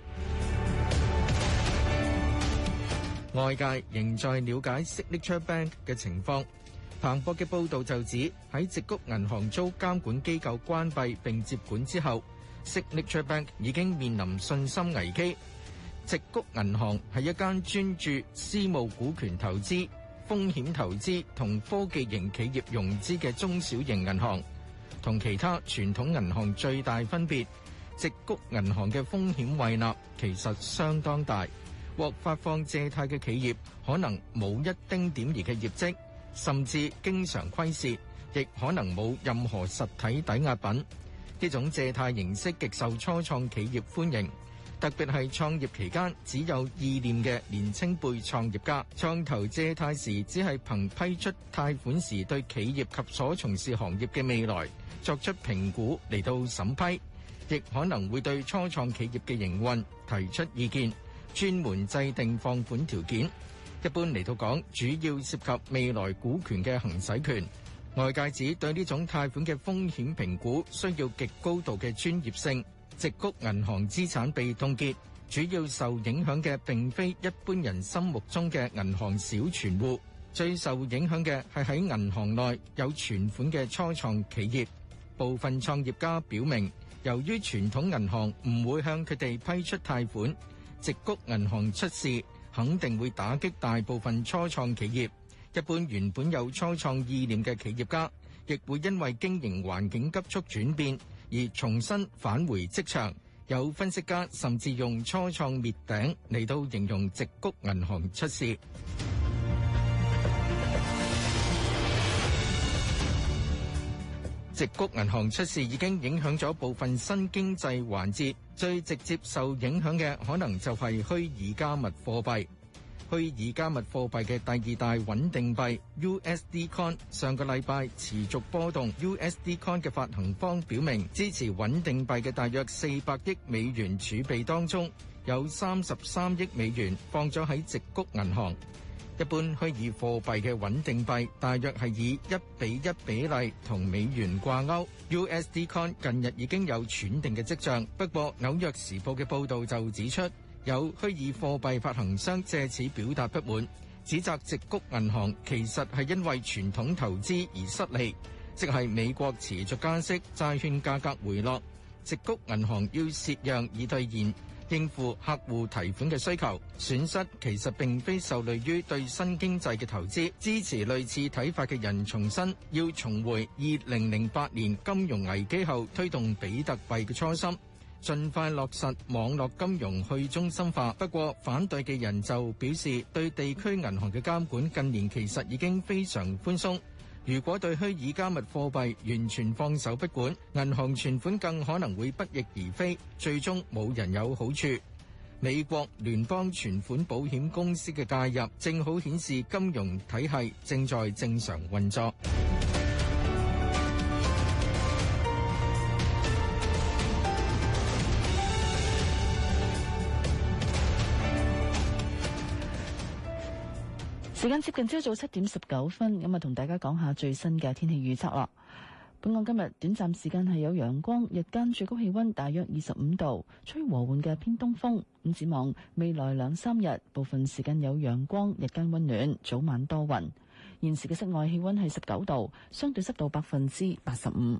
外界仍在了解 Signature Bank 嘅情況。彭博嘅報道就指，喺矽谷銀行遭監管機構關閉並接管之後，Signature Bank 已經面臨信心危機。矽谷銀行係一間專注私募股權投資、風險投資同科技型企業融資嘅中小型銀行，同其他傳統銀行最大分別。矽谷銀行嘅風險胃納其實相當大，獲發放借貸嘅企業可能冇一丁點嘅業績，甚至經常虧蝕，亦可能冇任何實體抵押品。呢種借貸形式極受初創企業歡迎，特別係創業期間只有意念嘅年青輩創業家，創投借貸時只係憑批出貸款時對企業及所從事行業嘅未來作出評估嚟到審批。亦可能會對初創企業嘅營運提出意見，專門制定放款條件。一般嚟到講，主要涉及未來股權嘅行使權。外界指對呢種貸款嘅風險評估需要極高度嘅專業性。矽谷銀行資產被凍結，主要受影響嘅並非一般人心目中嘅銀行小存戶，最受影響嘅係喺銀行內有存款嘅初創企業。部分創業家表明。由於傳統銀行唔會向佢哋批出貸款，矽谷銀行出事肯定會打擊大部分初創企業。一般原本有初創意念嘅企業家，亦會因為經營環境急速轉變而重新返回職場。有分析家甚至用初創滅頂嚟到形容矽谷銀行出事。直谷銀行出事已經影響咗部分新經濟環節，最直接受影響嘅可能就係虛擬加密貨幣。虛擬加密貨幣嘅第二大穩定幣 USD Coin，上個禮拜持續波動。USD Coin 嘅發行方表明，支持穩定幣嘅大約四百億美元儲備當中有三十三億美元放咗喺直谷銀行。一般虛擬貨幣嘅穩定幣大約係以一比一比例同美元掛鈎，USDCoin 近日已經有喘定嘅跡象。不過，《紐約時報》嘅報導就指出，有虛擬貨幣發行商借此表達不滿，指責矽谷銀行其實係因為傳統投資而失利，即係美國持續加息，債券價格回落，矽谷銀行要蝕讓以兌現，應付客戶提款嘅需求，損失其實並非受累於對新經濟嘅投資。支持類似睇法嘅人重申，要重回二零零八年金融危機後推動比特幣嘅初心，盡快落實網絡金融去中心化。不過反對嘅人就表示，對地區銀行嘅監管近年其實已經非常寬鬆。如果對虛擬加密貨幣完全放手不管，銀行存款更可能會不翼而飛，最終冇人有好處。美國聯邦存款保險公司嘅介入，正好顯示金融體係正在正常運作。時間接近朝早七點十九分，咁啊同大家講下最新嘅天氣預測啦。本港今日短暫時間係有陽光，日間最高氣溫大約二十五度，吹和緩嘅偏東風。咁展望未來兩三日，部分時間有陽光，日間溫暖，早晚多雲。現時嘅室外氣溫係十九度，相對濕度百分之八十五。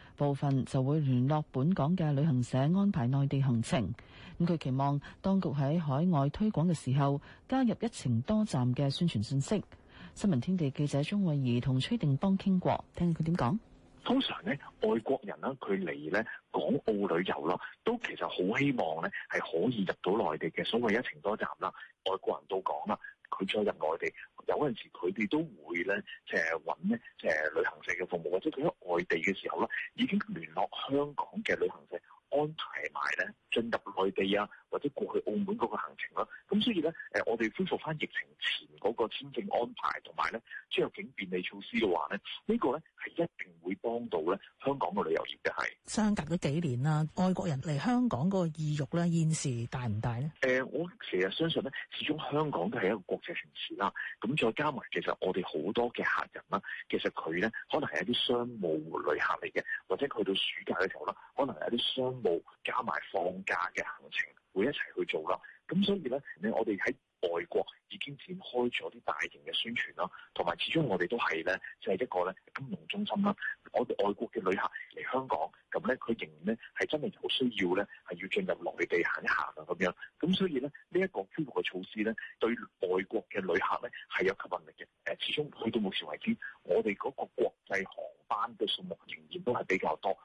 部分就會聯絡本港嘅旅行社安排內地行程。咁佢期望當局喺海外推廣嘅時候，加入一程多站嘅宣傳信息。新聞天地記，記者鍾慧儀同崔定邦傾過，聽佢點講。通常呢，外國人呢，佢嚟呢，港澳旅遊咯，都其實好希望呢，係可以入到內地嘅，所謂一程多站啦。外國人都講啦。佢再入外地，有陣時佢哋都會咧，即係揾咧，即係、呃呃、旅行社嘅服務，或者佢喺外地嘅時候咧，已經聯絡香港嘅旅行社。安排埋咧進入內地啊，或者過去澳門嗰個行程啦、啊。咁、嗯、所以咧，誒我哋恢復翻疫情前嗰個簽證安排同埋咧出入境便利措施嘅話咧，這個、呢個咧係一定會幫到咧香港嘅旅遊業嘅係。相隔咗幾年啦，外國人嚟香港個意欲咧，現時大唔大咧？誒、呃，我其實相信咧，始終香港都係一個國際城市啦。咁再加埋其實我哋好多嘅客人啦，其實佢咧可能係一啲商務旅客嚟嘅，或者去到暑假嘅時候啦。可能有啲商務加埋放假嘅行程會一齊去做啦，咁所以咧，我哋喺外國已經展開咗啲大型嘅宣傳啦，同埋始終我哋都係咧，就係、是、一個咧金融中心啦。我哋外國嘅旅客嚟香港，咁咧佢仍然咧係真係有需要咧，係要進入內地行一行啊咁樣。咁所以咧，呢、這、一個局部嘅措施咧，對外國嘅旅客咧係有吸引力嘅。誒、呃，始終去到目前為止，我哋嗰個國際航班嘅數目仍然都係比較多。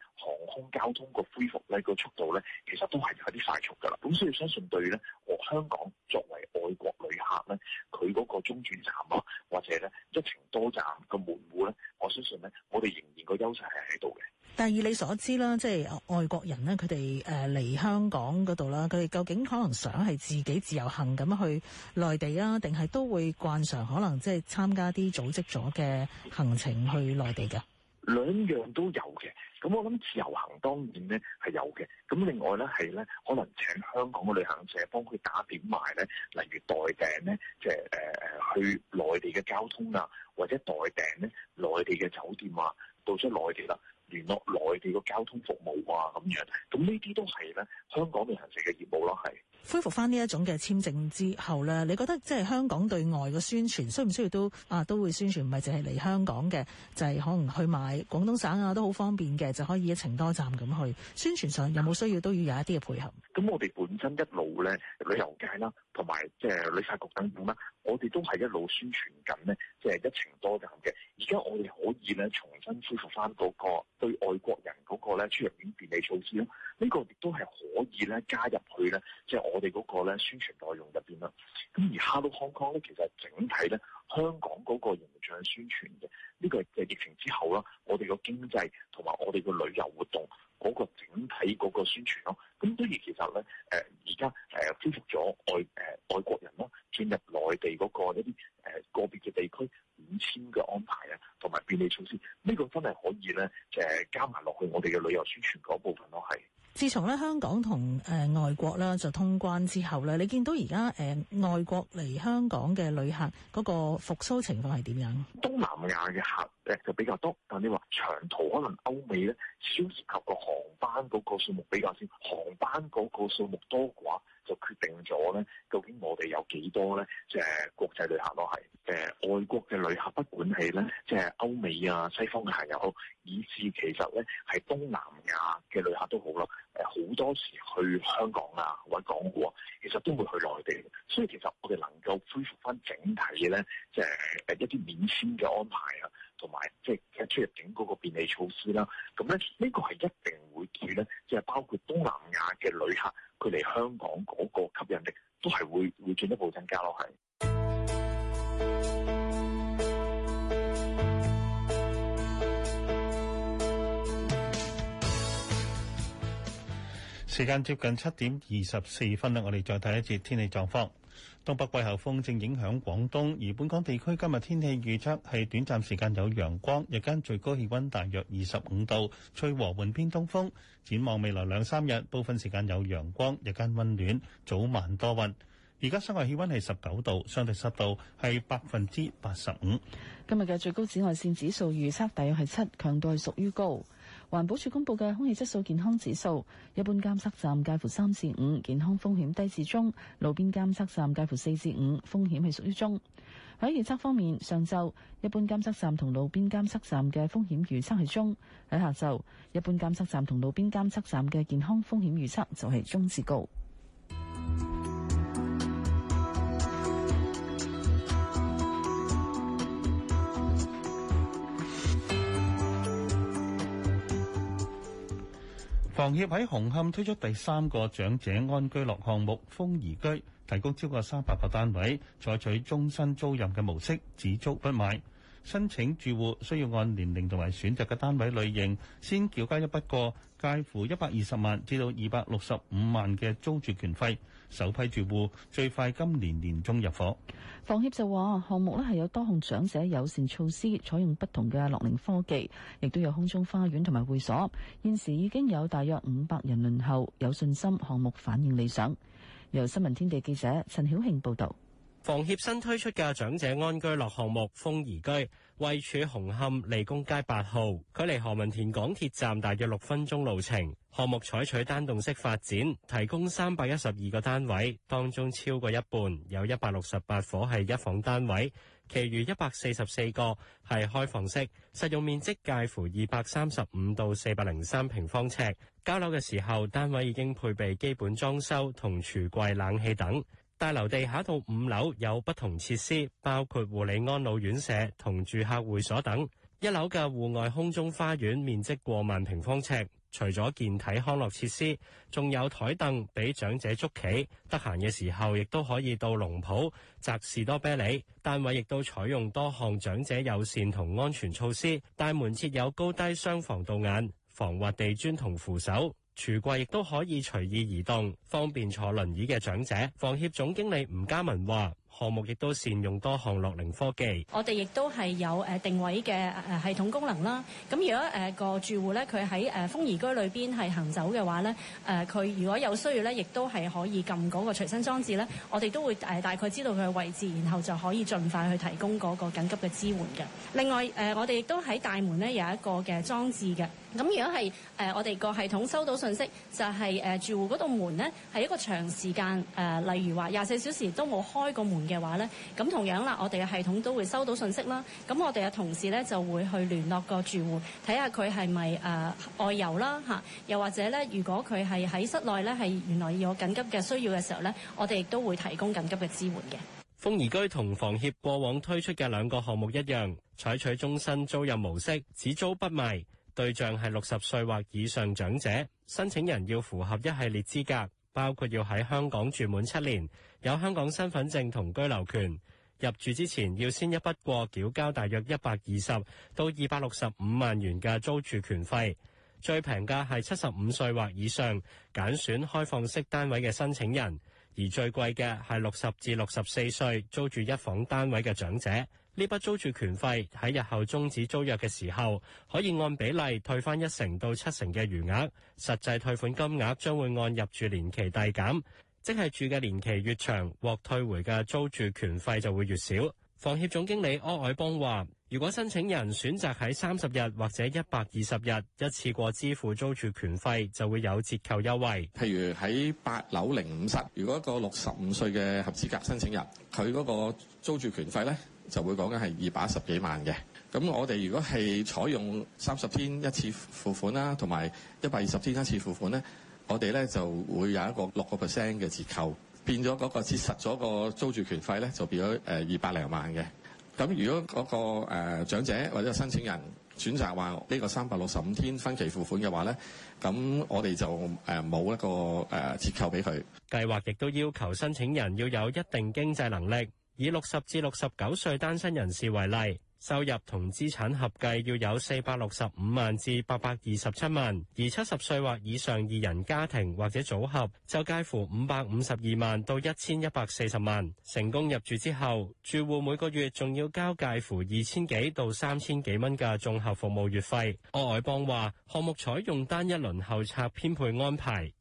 空交通個恢復咧個速度咧，其實都係有啲快速噶啦。咁所以相信對咧，我香港作為外國旅客咧，佢嗰個中轉站啊，或者咧一程多站個門戶咧，我相信咧，我哋仍然個優勢係喺度嘅。但係以你所知啦，即係外國人咧，佢哋誒嚟香港嗰度啦，佢哋究竟可能想係自己自由行咁去內地啊，定係都會慣常可能即係參加啲組織咗嘅行程去內地嘅？兩樣都有嘅。咁我諗自由行當然咧係有嘅，咁另外咧係咧可能請香港嘅旅行社幫佢打點埋咧，例如代訂咧，即係誒誒去內地嘅交通啊，或者代訂咧內地嘅酒店啊，到咗內地啦，聯絡內地嘅交通服務啊咁樣，咁呢啲都係咧香港旅行社嘅業務咯，啊，係。恢復翻呢一種嘅簽證之後咧，你覺得即係香港對外嘅宣傳，需唔需要都啊都會宣傳？唔係淨係嚟香港嘅，就係、是、可能去買廣東省啊都好方便嘅，就可以一程多站咁去。宣傳上有冇需要都要有一啲嘅配合？咁、嗯、我哋本身一路咧旅遊界啦，同埋即係旅發局等等啦，我哋都係一路宣傳緊咧，即、就、係、是、一程多站嘅。而家我哋可以咧重新恢復翻嗰個對外國人嗰個咧出入境便利措施咯，呢個亦都係可以咧加入去咧，即係我哋嗰個咧宣傳內容入邊啦。咁而 Hello Hong Kong 咧，其實整體咧香港嗰個形象宣傳嘅呢個嘅疫情之後啦，我哋個經濟同埋我哋個旅遊活動嗰個整體嗰個宣傳咯，咁當然其實咧誒而家誒恢復咗外誒外國人咯，進入內地嗰個一啲誒個別嘅地區。五千嘅安排啊，同埋便利措施，呢、這個真係可以咧，就係、是、加埋落去我哋嘅旅遊宣傳嗰部分咯。係，自從咧香港同誒、呃、外國咧就通關之後咧，你見到而家誒外國嚟香港嘅旅客嗰個復甦情況係點樣？東南亞嘅客誒就比較多，但你話長途可能歐美咧，超涉及個航班嗰個數目比較少，航班嗰個數目多啩。就決定咗咧，究竟我哋有幾多咧？即係國際旅客都係，誒，外國嘅旅客，不管係咧，即係歐美啊、西方嘅朋友，以至其實咧係東南亞嘅旅客都好啦。誒，好多時去香港啊，或者港澳，其實都會去內地嘅。所以其實我哋能夠恢復翻整體嘅咧，即係誒一啲免簽嘅安排啊，同埋即係出入境嗰個便利措施啦。咁咧呢個係一定會叫咧，即係包括東南亞嘅旅客。佢嚟香港嗰個吸引力都係會會進一步增加落去。時間接近七點二十四分啦，我哋再睇一節天氣狀況。東北季候風正影響廣東，而本港地區今日天氣預測係短暫時間有陽光，日間最高氣温大約二十五度，吹和緩偏東風。展望未來兩三日，部分時間有陽光，日間温暖，早晚多雲。而家室外氣温係十九度，相對濕度係百分之八十五。今日嘅最高紫外線指數預測大約係七，強度係屬於高。環保署公布嘅空氣質素健康指數，一般監測站介乎三至五，健康風險低至中；路邊監測站介乎四至五，風險係屬於中。喺預測方面，上晝一般監測站同路邊監測站嘅風險預測係中；喺下晝，一般監測站同路邊監測站嘅健康風險預測就係中至高。房協喺紅磡推出第三個長者安居樂項目「豐頤居」，提供超過三百個單位，採取終身租賃嘅模式，只租不買。申請住戶需要按年齡同埋選擇嘅單位類型，先繳交一筆過介乎一百二十萬至到二百六十五萬嘅租住權費。首批住戶最快今年年中入伙。房協就話，項目呢係有多項長者友善措施，採用不同嘅樂齡科技，亦都有空中花園同埋會所。現時已經有大約五百人輪候，有信心項目反應理想。由新聞天地記者陳曉慶報道。房協新推出嘅長者安居樂項目——豐頤居。位處紅磡利工街八號，距離何文田港鐵站大約六分鐘路程。項目採取單棟式發展，提供三百一十二個單位，當中超過一半有一百六十八伙係一房單位，其餘一百四十四個係開放式，實用面積介乎二百三十五到四百零三平方尺。交樓嘅時候，單位已經配備基本裝修同櫥櫃、冷氣等。大樓地下到五樓有不同設施，包括護理安老院舍同住客會所等。一樓嘅戶外空中花園面積過萬平方尺，除咗健體康樂設施，仲有台凳俾長者捉棋。得閒嘅時候，亦都可以到農圃摘士多啤梨。單位亦都採用多項長者友善同安全措施，大門設有高低雙防盜眼、防滑地磚同扶手。櫥櫃亦都可以隨意移動，方便坐輪椅嘅長者。房協總經理吳家文話，項目亦都善用多項樂齡科技。話我哋亦都係有誒、呃、定位嘅誒系統功能啦。咁如果誒、呃那個住戶咧，佢喺誒豐頤居裏邊係行走嘅話咧，誒、呃、佢如果有需要咧，亦都係可以撳嗰個隨身裝置咧，我哋都會誒大概知道佢嘅位置，然後就可以盡快去提供嗰個緊急嘅支援嘅。另外誒、呃，我哋亦都喺大門咧有一個嘅裝置嘅。咁如果係誒、呃，我哋個系統收到信息，就係、是、誒、呃、住戶嗰道門咧，係一個長時間誒、呃，例如話廿四小時都冇開過門嘅話呢。咁同樣啦，我哋嘅系統都會收到信息啦。咁我哋嘅同事呢，就會去聯絡個住戶，睇下佢係咪誒外遊啦嚇，又或者呢，如果佢係喺室內呢，係原來有緊急嘅需要嘅時候呢，我哋亦都會提供緊急嘅支援嘅。豐頤居同房協過往推出嘅兩個項目一樣，採取終身租賃模式，只租不賣。對象係六十歲或以上長者，申請人要符合一系列資格，包括要喺香港住滿七年，有香港身份證同居留權。入住之前要先一筆過繳交大約一百二十到二百六十五萬元嘅租住權費。最平價係七十五歲或以上，揀選開放式單位嘅申請人；而最貴嘅係六十至六十四歲租住一房單位嘅長者。呢筆租住權費喺日後終止租約嘅時候，可以按比例退翻一成到七成嘅餘額，實際退款金額將會按入住年期遞減，即係住嘅年期越長，獲退回嘅租住權費就會越少。房協總經理柯海邦話，如果申請人選擇喺三十日或者一百二十日一次過支付租住權費，就會有折扣優惠。譬如喺八樓零五十，如果一個六十五歲嘅合資格申請人，佢嗰個租住權費呢。就會講緊係二百一十幾萬嘅，咁我哋如果係採用三十天一次付款啦，同埋一百二十天一次付款咧，我哋咧就會有一個六個 percent 嘅折扣，變咗嗰個折實咗個租住權費咧，就變咗誒二百零萬嘅。咁如果嗰個誒長者或者申請人選擇話呢個三百六十五天分期付款嘅話咧，咁我哋就誒冇一個誒折扣俾佢。計劃亦都要求申請人要有一定經濟能力。以六十至六十九歲單身人士為例，收入同資產合計要有四百六十五萬至八百二十七萬；而七十歲或以上二人家庭或者組合就介乎五百五十二萬到一千一百四十萬。成功入住之後，住戶每個月仲要交介乎二千幾到三千幾蚊嘅綜合服務月費。柯愛邦話：項目採用單一輪候冊編配安排。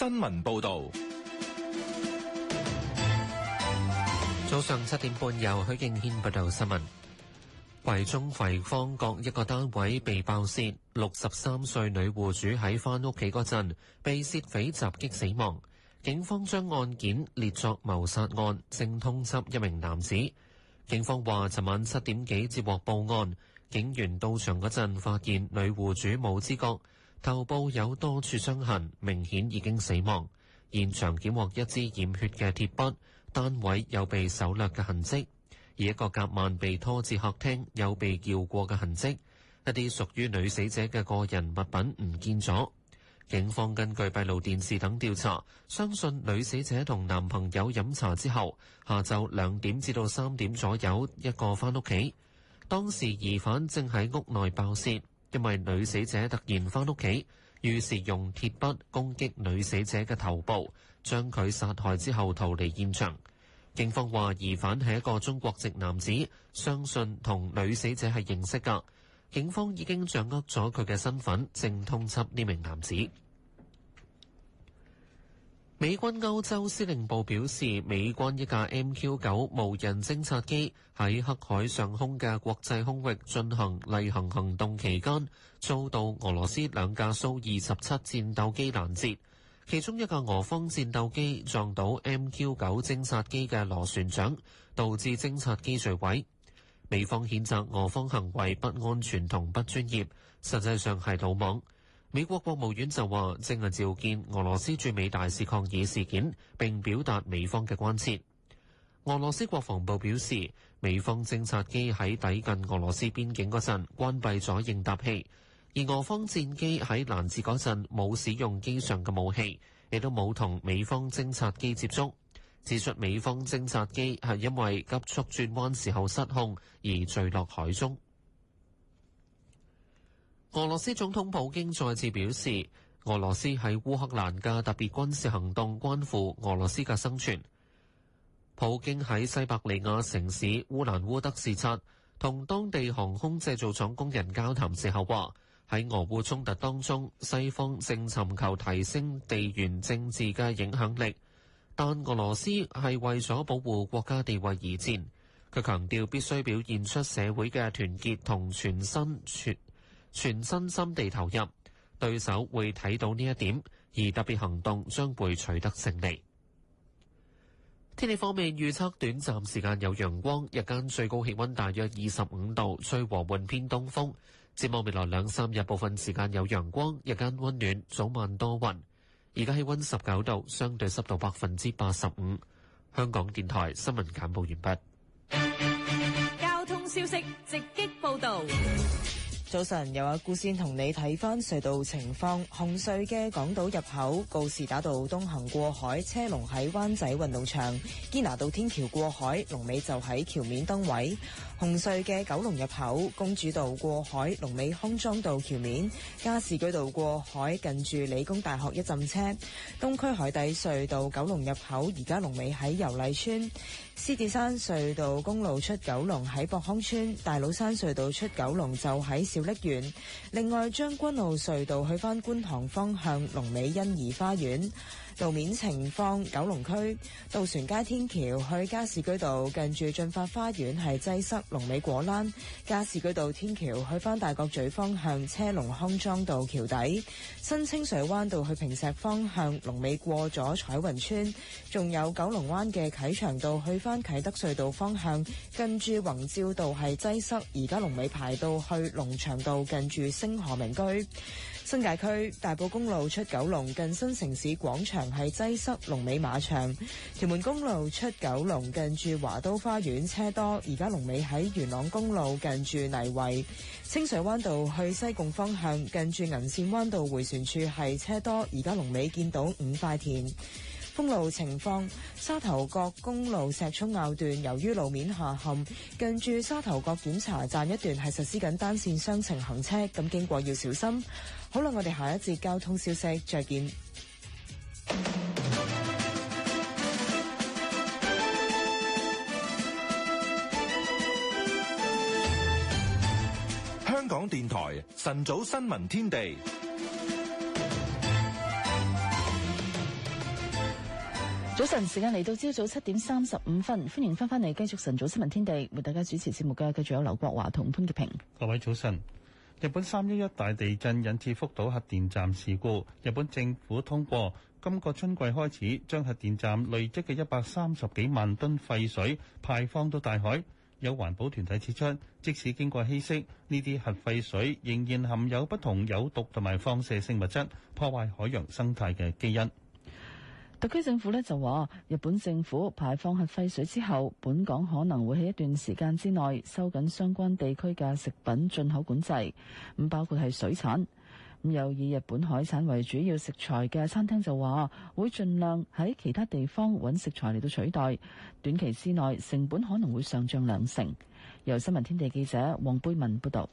新聞報道，早上七點半由許敬軒報道新聞。葵涌葵芳各一個單位被爆竊，六十三歲女戶主喺翻屋企嗰陣被竊匪襲擊死亡，警方將案件列作謀殺案，正通緝一名男子。警方話，尋晚七點幾接獲報案，警員到場嗰陣發現女戶主冇知覺。頭部有多處傷痕，明顯已經死亡。現場檢獲一支染血嘅鐵筆，單位有被搜掠嘅痕跡，而一個夾萬被拖至客廳，有被撬過嘅痕跡。一啲屬於女死者嘅個人物品唔見咗。警方根據閉路電視等調查，相信女死者同男朋友飲茶之後，下晝兩點至到三點左右一個翻屋企。當時疑犯正喺屋內爆竊。因為女死者突然翻屋企，於是用鐵筆攻擊女死者嘅頭部，將佢殺害之後逃離現場。警方話疑犯係一個中國籍男子，相信同女死者係認識噶。警方已經掌握咗佢嘅身份，正通緝呢名男子。美軍歐洲司令部表示，美軍一架 MQ 九無人偵察機喺黑海上空嘅國際空域進行例行行動期間，遭到俄羅斯兩架蘇二十七戰鬥機攔截，其中一架俄方戰鬥機撞到 MQ 九偵察機嘅螺旋槳，導致偵察機墜毀。美方譴責俄方行為不安全同不專業，實際上係魯莽。美國國務院就話正係召見俄羅斯駐美大使抗議事件，並表達美方嘅關切。俄羅斯國防部表示，美方偵察機喺抵近俄羅斯邊境嗰陣關閉咗應答器，而俄方戰機喺攔截嗰陣冇使用機上嘅武器，亦都冇同美方偵察機接觸。指出美方偵察機係因為急速轉彎時候失控而墜落海中。俄羅斯總統普京再次表示，俄羅斯喺烏克蘭嘅特別軍事行動關乎俄羅斯嘅生存。普京喺西伯利亞城市烏蘭烏德視察，同當地航空製造廠工人交談時候話：喺俄烏衝突當中，西方正尋求提升地緣政治嘅影響力，但俄羅斯係為咗保護國家地位而戰。佢強調必須表現出社會嘅團結同全心全。全身心地投入，對手會睇到呢一點，而特別行動將會取得勝利。天氣方面預測短暫時間有陽光，日間最高氣温大約二十五度，吹和緩偏東風。展望未來兩三日，部分時間有陽光，日間温暖，早晚多雲。而家氣温十九度，相對濕度百分之八十五。香港電台新聞簡報完畢。交通消息直擊報導。早晨，有阿顧先同你睇返隧道情況。紅隧嘅港島入口告士打道東行過海車龍喺灣仔運動場，堅拿道天橋過海龍尾就喺橋面燈位。紅隧嘅九龍入口，公主道過海，龍尾康莊道橋面，加士居道過海，近住理工大學一浸車。東區海底隧道九龍入口，而家龍尾喺油麗邨，獅子山隧道公路出九龍喺博康邨，大老山隧道出九龍就喺小瀝源。另外將軍澳隧道去翻觀塘方向，龍尾欣怡花園。路面情況，九龍區渡船街天橋去加士居道，近住進發花園係擠塞，龍尾果欄；加士居道天橋去翻大角咀方向，車龍康莊道橋底；新清水灣道去坪石方向，龍尾過咗彩雲村；仲有九龍灣嘅啟祥道去翻啟德隧道方向，近住宏照道係擠塞，而家龍尾排到去龍翔道近住星河名居。新界區大埔公路出九龍，近新城市廣場係擠塞龍，龍尾馬場；屯門公路出九龍，近住華都花園車多，而家龍尾喺元朗公路近住泥圍。清水灣道去西貢方向，近住銀線灣道迴旋處係車多，而家龍尾見到五塊田。封路情況，沙頭角公路石涌坳段由於路面下陷，近住沙頭角檢查站一段係實施緊單線雙程行車，咁經過要小心。好啦，我哋下一節交通消息再見。香港電台晨早新聞天地，早晨時間嚟到朝早七點三十五分，歡迎翻翻嚟繼續晨早新聞天地，為大家主持節目嘅繼續有劉國華同潘潔平。各位早晨。日本三一一大地震引致福島核電站事故，日本政府通過今個春季開始將核電站累積嘅一百三十幾萬噸廢水排放到大海。有環保團體指出，即使經過稀釋，呢啲核廢水仍然含有不同有毒同埋放射性物質，破壞海洋生態嘅基因。特區政府咧就話，日本政府排放核廢水之後，本港可能會喺一段時間之內收緊相關地區嘅食品進口管制，咁包括係水產。咁又以日本海產為主要食材嘅餐廳就話，會盡量喺其他地方揾食材嚟到取代，短期之內成本可能會上漲兩成。由新聞天地記者黃貝文報道。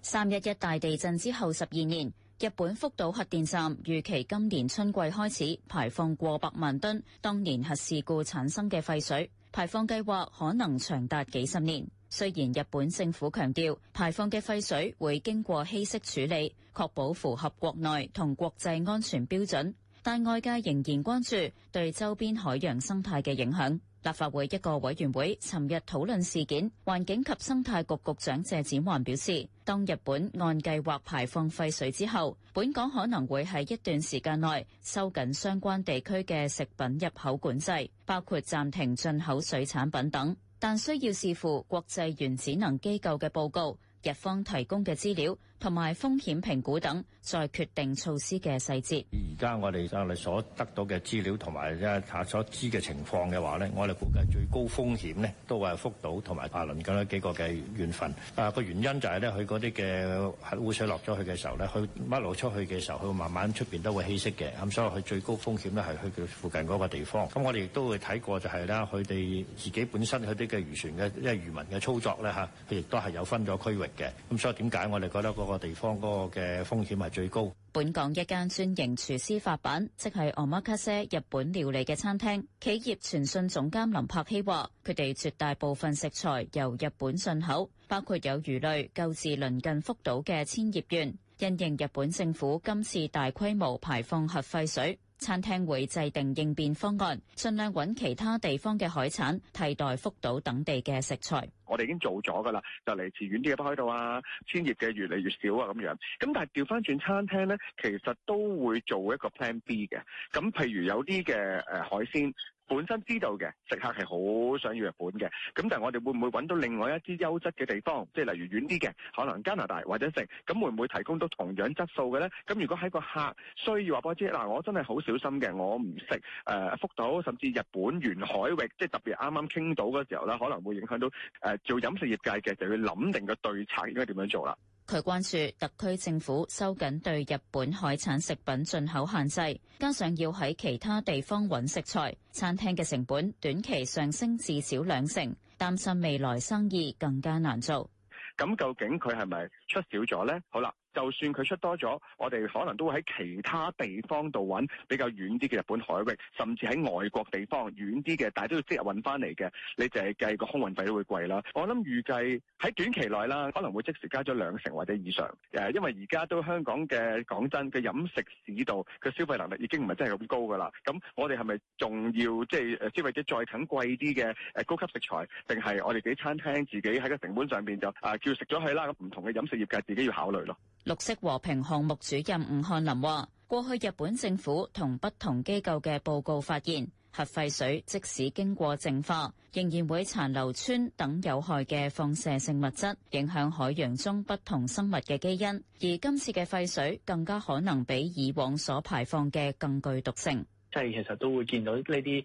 三一一大地震之後十二年。日本福島核電站預期今年春季開始排放過百萬噸當年核事故產生嘅廢水，排放計劃可能長達幾十年。雖然日本政府強調排放嘅廢水會經過稀釋處理，確保符合國內同國際安全標準，但外界仍然關注對周邊海洋生態嘅影響。立法會一個委員會尋日討論事件，環境及生態局局長謝展寰表示，當日本按計劃排放廢水之後，本港可能會喺一段時間內收緊相關地區嘅食品入口管制，包括暫停進口水產品等，但需要視乎國際原子能機構嘅報告、日方提供嘅資料，同埋風險評估等，再決定措施嘅細節。而家我哋啊，我哋所得到嘅資料同埋即係查所知嘅情況嘅話咧，我哋估計最高風險咧都係福島同埋啊鄰近呢幾個嘅遠分。啊個原因就係咧，佢嗰啲嘅核污水落咗去嘅時候，佢乜路出去嘅時候，佢慢慢出邊都會稀釋嘅。咁、啊、所以佢最高風險咧係去佢附近嗰個地方。咁、啊、我哋亦都會睇過、就係，就係咧佢哋自己本身佢啲嘅漁船嘅，因為漁民嘅操作咧嚇，佢亦都係有分咗區域嘅。咁、啊、所以點解我哋覺得嗰個地方嗰個嘅風險係最高。本港一間專營廚師發辦，即係阿馬卡些日本料理嘅餐廳，企業傳訊總監林柏希話，佢哋絕大部分食材由日本進口，包括有魚類購自鄰近福島嘅千葉縣，因應日本政府今次大規模排放核廢水。餐廳會制定應變方案，盡量揾其他地方嘅海產替代福島等地嘅食材。我哋已經做咗㗎啦，就嚟自遠啲嘅北海道啊，千葉嘅越嚟越少啊咁樣。咁但係調翻轉餐廳咧，其實都會做一個 plan B 嘅。咁譬如有啲嘅誒海鮮。 本身知道嘅食客係好想要日本嘅，咁但係我哋會唔會揾到另外一啲優質嘅地方，即係例如遠啲嘅，可能加拿大或者食，咁會唔會提供到同樣質素嘅咧？咁如果喺個客需要話，波姐嗱，我真係好小心嘅，我唔食誒福島甚至日本沿海域，即係特別啱啱傾到嗰時候咧，可能會影響到誒做飲食業界嘅，就要諗定個對策應該點樣做啦。佢關注特區政府收緊對日本海產食品進口限制，加上要喺其他地方揾食材，餐廳嘅成本短期上升至少兩成，擔心未來生意更加難做。咁究竟佢係咪出少咗呢？好啦。就算佢出多咗，我哋可能都會喺其他地方度揾比較遠啲嘅日本海域，甚至喺外國地方遠啲嘅，但係都要即日揾翻嚟嘅。你淨係計個空運費都會貴啦。我諗預計喺短期內啦，可能會即時加咗兩成或者以上。誒，因為而家都香港嘅講真嘅飲食市度道嘅消費能力已經唔係真係咁高噶啦。咁我哋係咪仲要即係、就是、消費者再啃貴啲嘅誒高級食材，定係我哋啲餐廳自己喺個成本上邊就誒、呃、叫食咗佢啦？咁唔同嘅飲食業界自己要考慮咯。綠色和平項目主任吳漢林話，過去日本政府同不同機構嘅報告發現，核廢水即使經過淨化，仍然會殘留氚等有害嘅放射性物質，影響海洋中不同生物嘅基因。而今次嘅廢水更加可能比以往所排放嘅更具毒性。即係其實都會見到呢啲誒，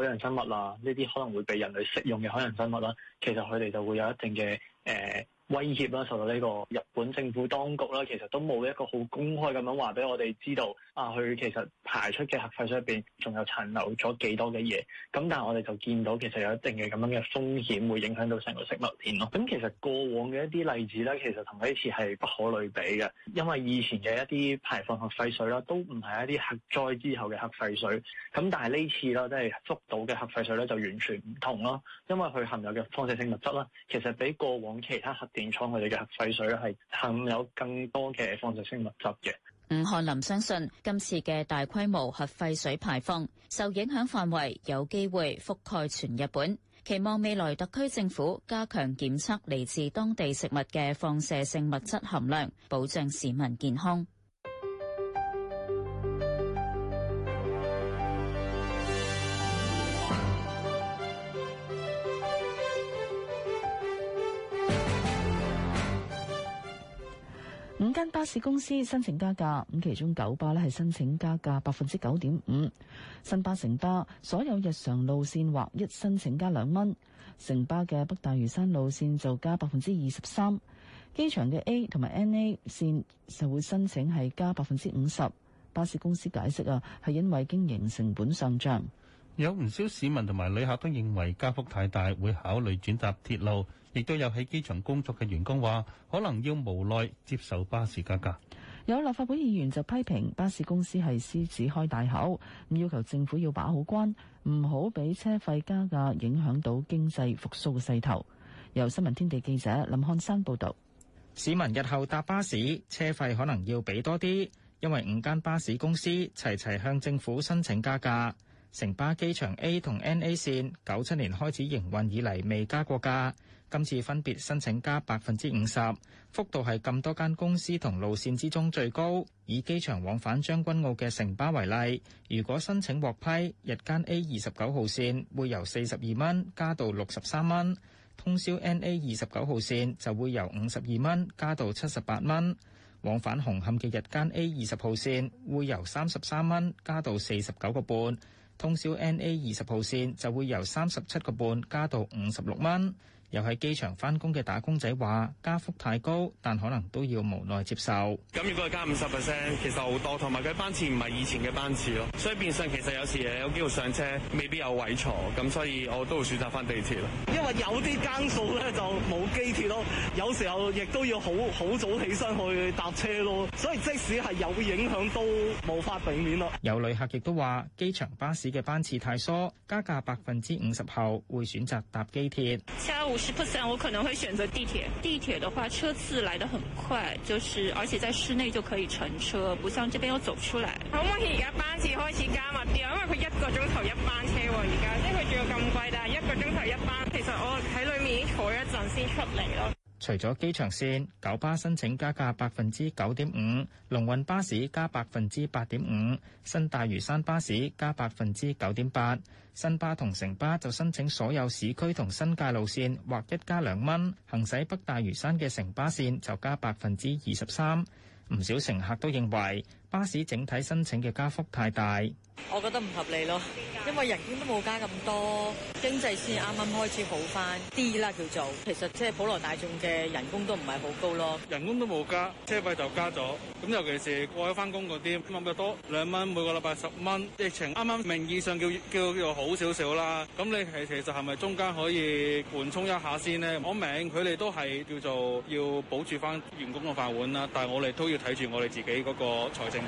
海洋生物啦，呢啲可能會被人類食用嘅海洋生物啦，其實佢哋就會有一定嘅誒。呃威脅啦，受到呢個日本政府當局啦，其實都冇一個好公開咁樣話俾我哋知道，啊，佢其實排出嘅核廢水入邊仲有殘留咗幾多嘅嘢，咁但係我哋就見到其實有一定嘅咁樣嘅風險，會影響到成個食物鏈咯。咁、嗯、其實過往嘅一啲例子咧，其實同呢次係不可類比嘅，因為以前嘅一啲排放核廢水啦，都唔係一啲核災之後嘅核廢水，咁但係呢次啦，即係福島嘅核廢水咧就完全唔同咯，因為佢含有嘅放射性物質啦，其實比過往其他核填廠我哋嘅核廢水係含有更多嘅放射性物質嘅。吳漢林相信今次嘅大規模核廢水排放受影響範圍有機會覆蓋全日本，期望未來特區政府加強檢測嚟自當地食物嘅放射性物質含量，保障市民健康。間巴士公司申請加價，咁其中九巴咧係申請加價百分之九點五，新巴、乘巴、城巴所有日常路線或一申請加兩蚊，城巴嘅北大嶼山路線就加百分之二十三，機場嘅 A 同埋 NA 線就會申請係加百分之五十。巴士公司解釋啊，係因為經營成本上漲。有唔少市民同埋旅客都認為加幅太大，會考慮轉搭鐵路。亦都有喺機場工作嘅員工話，可能要無奈接受巴士加價。有立法會議員就批評巴士公司係獅子開大口，咁要求政府要把好關，唔好俾車費加價影響到經濟復甦嘅勢頭。由新聞天地記者林漢山報道。市民日後搭巴士車費可能要俾多啲，因為五間巴士公司齊齊向政府申請加價。城巴機場 A 同 NA 線九七年開始營運以嚟未加過價，今次分別申請加百分之五十，幅度係咁多間公司同路線之中最高。以機場往返將軍澳嘅城巴為例，如果申請獲批，日間 A 二十九號線會由四十二蚊加到六十三蚊；通宵 NA 二十九號線就會由五十二蚊加到七十八蚊；往返紅磡嘅日間 A 二十號線會由三十三蚊加到四十九個半。通宵 N A 二十號線就會由三十七個半加到五十六蚊。又喺機場翻工嘅打工仔話：加幅太高，但可能都要無奈接受。咁如果係加五十 percent，其實好多同埋佢班次唔係以前嘅班次咯，所以變相其實有時有機會上車未必有位坐，咁所以我都會選擇翻地鐵咯。因為有啲間數咧就冇機鐵咯，有時候亦都要好好早起身去搭車咯，所以即使係有影響都無法避免咯。有旅客亦都話：機場巴士嘅班次太疏，加價百分之五十後會選擇搭機鐵。我可能會選擇地鐵。地鐵的話，車次來得很快，就是而且在室內就可以乘車，不像這邊要走出來。可唔可以而家班次開始加密啲啊，因為佢一個鐘頭一班車喎，而家即係佢仲要咁貴，但係一個鐘頭一班，其實我喺裏面已經坐一陣先出嚟咯。除咗機場線，九巴申請加價百分之九點五，龍運巴士加百分之八點五，新大嶼山巴士加百分之九點八，新巴同城巴就申請所有市區同新界路線或一加兩蚊，行駛北大嶼山嘅城巴線就加百分之二十三。唔少乘客都認為。巴士整體申請嘅加幅太大，我覺得唔合理咯，因為人工都冇加咁多，經濟先啱啱開始好翻啲啦叫做，其實即係普羅大眾嘅人工都唔係好高咯，人工都冇加，車費就加咗，咁尤其是過咗翻工嗰啲，咁畀多兩蚊每個禮拜十蚊，疫情啱啱名義上叫叫叫做好少少啦，咁你係其實係咪中間可以緩衝一下先咧？我明，佢哋都係叫做要保住翻員工嘅飯碗啦，但係我哋都要睇住我哋自己嗰個財政。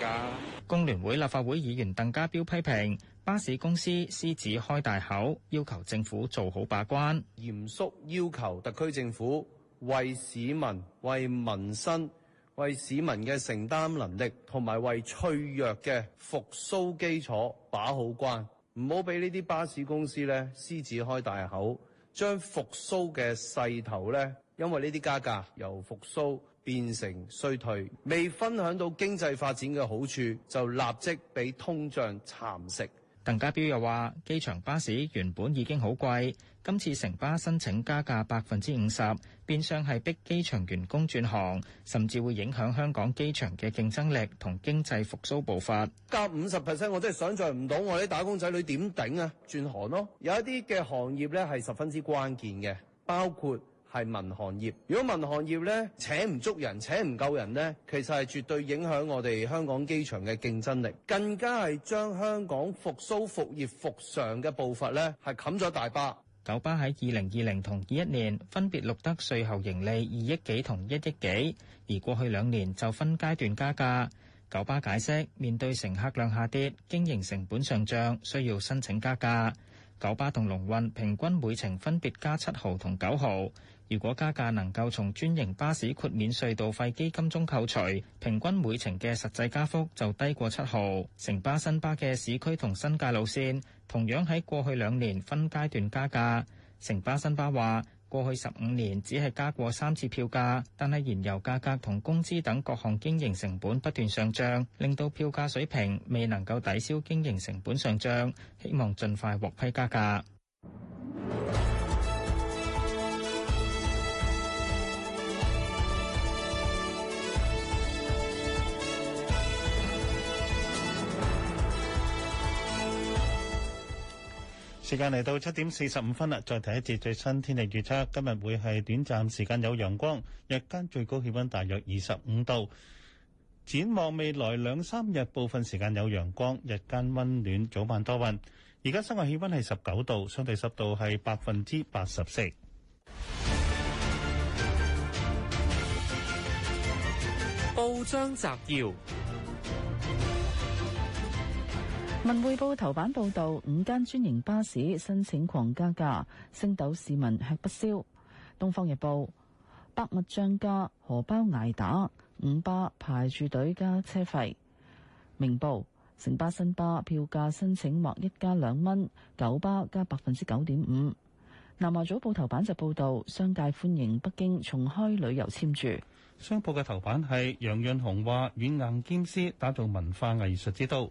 工聯會立法會議員鄧家彪批評巴士公司獅子開大口，要求政府做好把關，嚴肅要求特區政府為市民、為民生、為市民嘅承擔能力同埋為脆弱嘅復蘇基礎把好關，唔好俾呢啲巴士公司咧獅子開大口，將復蘇嘅勢頭咧，因為呢啲加價由復蘇。變成衰退，未分享到經濟發展嘅好處，就立即被通脹蠶食。鄧家彪又話：機場巴士原本已經好貴，今次城巴申請加價百分之五十，變相係逼機場員工轉行，甚至會影響香港機場嘅競爭力同經濟復甦步伐。加五十 percent，我真係想象唔到我哋打工仔女點頂啊！轉行咯，有一啲嘅行業咧係十分之關鍵嘅，包括，係民航業，如果民航業咧請唔足人、請唔夠人呢，其實係絕對影響我哋香港機場嘅競爭力，更加係將香港復甦、復業、復常嘅步伐咧係冚咗大巴。九巴喺二零二零同二一年分別錄得稅後盈利二億幾同一億幾，而過去兩年就分階段加價。九巴解釋面對乘客量下跌、經營成本上漲，需要申請加價。九巴同龍運平均每程分別加七毫同九毫。如果加價能夠從專營巴士豁免隧道費基金中扣除，平均每程嘅實際加幅就低過七毫。城巴新巴嘅市區同新界路線同樣喺過去兩年分階段加價。城巴新巴話：過去十五年只係加過三次票價，但係燃油價格同工資等各項經營成本不斷上漲，令到票價水平未能夠抵消經營成本上漲，希望盡快獲批加價。 時間嚟到七點四十五分啦，再睇一節最新天氣預測。今日會係短暫時間有陽光，日間最高氣溫大約二十五度。展望未來兩三日，部分時間有陽光，日間溫暖，早晚多雲。而家室外氣溫係十九度，相對濕度係百分之八十四。報章摘要。文匯報頭版報道，五間專營巴士申請狂加價，升斗市民吃不消。東方日報，百物漲價，荷包挨打，五巴排住隊加車費。明報，城巴新巴票價申請或一加兩蚊，九巴加百分之九點五。南華早報頭版就報道，商界歡迎北京重開旅遊簽注。商報嘅頭版係楊潤雄話，軟硬兼施打造文化藝術之都。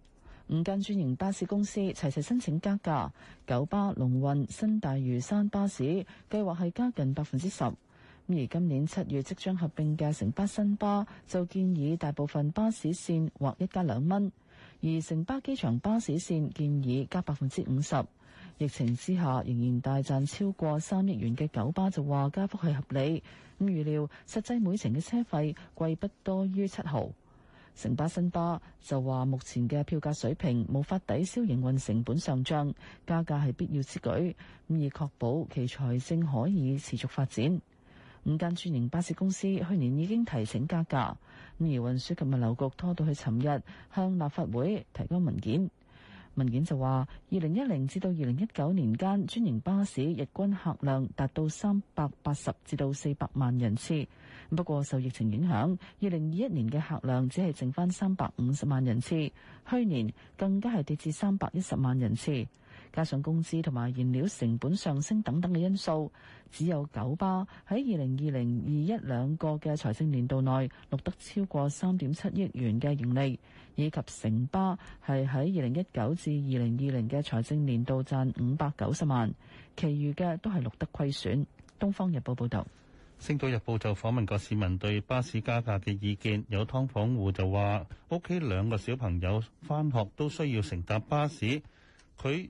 五間專營巴士公司齊齊申請加價，九巴、龍運、新大嶼山巴士計劃係加近百分之十。而今年七月即將合併嘅城巴新巴就建議大部分巴士線劃一加兩蚊，而城巴機場巴士線建議加百分之五十。疫情之下仍然大賺超過三億元嘅九巴就話加幅係合理，咁預料實際每程嘅車費貴不多於七毫。城巴新巴就話，目前嘅票價水平無法抵消營運成本上漲，加價係必要之舉，咁以確保其財政可以持續發展。五間專營巴士公司去年已經提請加價，咁而運輸及物流局拖到去尋日向立法會提交文件，文件就話，二零一零至到二零一九年間，專營巴士日均客量達到三百八十至到四百萬人次。不過受疫情影響二零二一年嘅客量只係剩翻三百五十萬人次，去年更加係跌至三百一十萬人次。加上工資同埋燃料成本上升等等嘅因素，只有九巴喺二零二零二一兩個嘅財政年度內錄得超過三點七億元嘅盈利，以及城巴係喺二零一九至二零二零嘅財政年度賺五百九十萬，其餘嘅都係錄得虧損。《東方日報》報導。星島日報就訪問過市民對巴士加價嘅意見，有劏房戶就話：屋企兩個小朋友返學都需要乘搭巴士，佢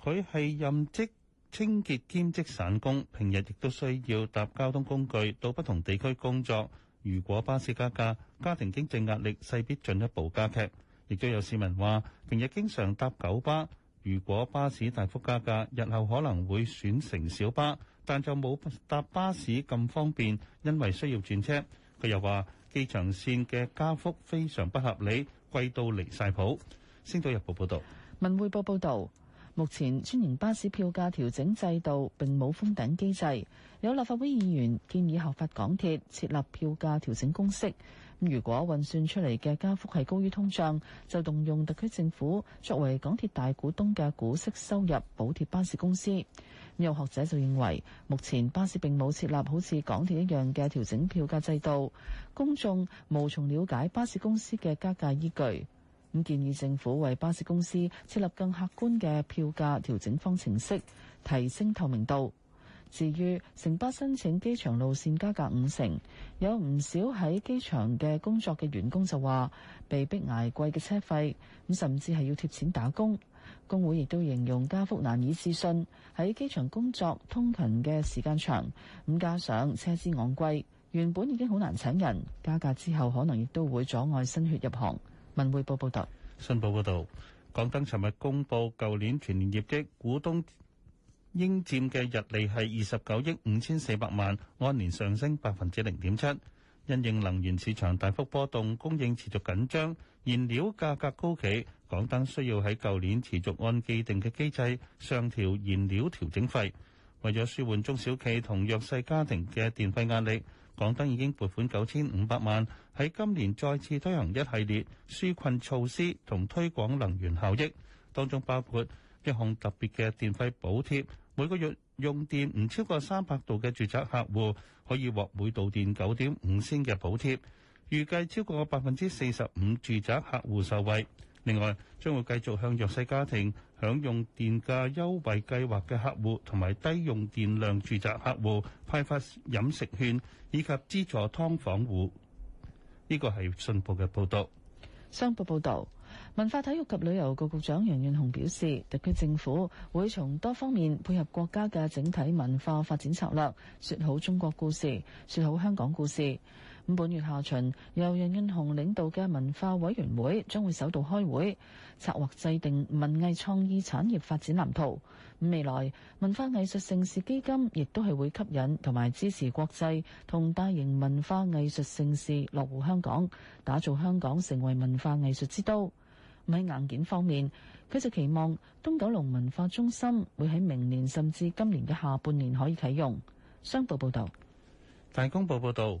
佢係任職清潔兼職散工，平日亦都需要搭交通工具到不同地區工作。如果巴士加價，家庭經濟壓力勢必進一步加劇。亦都有市民話：平日經常搭九巴，如果巴士大幅加價，日後可能會選乘小巴。但就冇搭巴士咁方便，因為需要轉車。佢又話機場綫嘅加幅非常不合理，貴到離晒譜。星島日報報道，文匯報報道，目前專營巴士票價調整制度並冇封頂機制。有立法會議員建議效法港鐵設立票價調整公式。如果運算出嚟嘅加幅係高於通脹，就動用特區政府作為港鐵大股東嘅股息收入補貼巴士公司。有學者就認為，目前巴士並冇設立好似港鐵一樣嘅調整票價制度，公眾無從了解巴士公司嘅加價依據。咁建議政府為巴士公司設立更客觀嘅票價調整方程式，提升透明度。至於城巴申請機場路線加價五成，有唔少喺機場嘅工作嘅員工就話，被迫捱貴嘅車費，咁甚至係要貼錢打工。工會亦都形容加幅難以置信，喺機場工作通勤嘅時間長，咁加上車資昂貴，原本已經好難請人，加價之後可能亦都會阻礙新血入行。文匯報報道：「新報報道，港燈尋日公佈舊年全年業績，股東應佔嘅溢利係二十九億五千四百萬，按年上升百分之零點七，因應能源市場大幅波動，供應持續緊張，燃料價格高企。港燈需要喺舊年持續按既定嘅機制上調燃料調整費，為咗舒緩中小企同弱勢家庭嘅電費壓力，港燈已經撥款九千五百萬喺今年再次推行一系列紓困措施同推廣能源效益，當中包括一項特別嘅電費補貼，每個月用電唔超過三百度嘅住宅客戶可以獲每度電九點五仙嘅補貼，預計超過百分之四十五住宅客戶受惠。另外，將會繼續向弱勢家庭享用電價優惠計劃嘅客戶，同埋低用電量住宅客戶派發飲食券，以及資助劏房戶。呢個係信報嘅報導。商報報導，文化體育及旅遊局局長楊潤雄表示，特區政府會從多方面配合國家嘅整體文化發展策略，説好中國故事，説好香港故事。本月下旬，由楊潤雄領導嘅文化委員會將會首度開會，策劃制定文藝創意產業發展藍圖。未來文化藝術盛事基金亦都係會吸引同埋支持國際同大型文化藝術盛事落戶香港，打造香港成為文化藝術之都。喺硬件方面，佢就期望東九龍文化中心會喺明年甚至今年嘅下半年可以啟用。商報報道，大公報報道。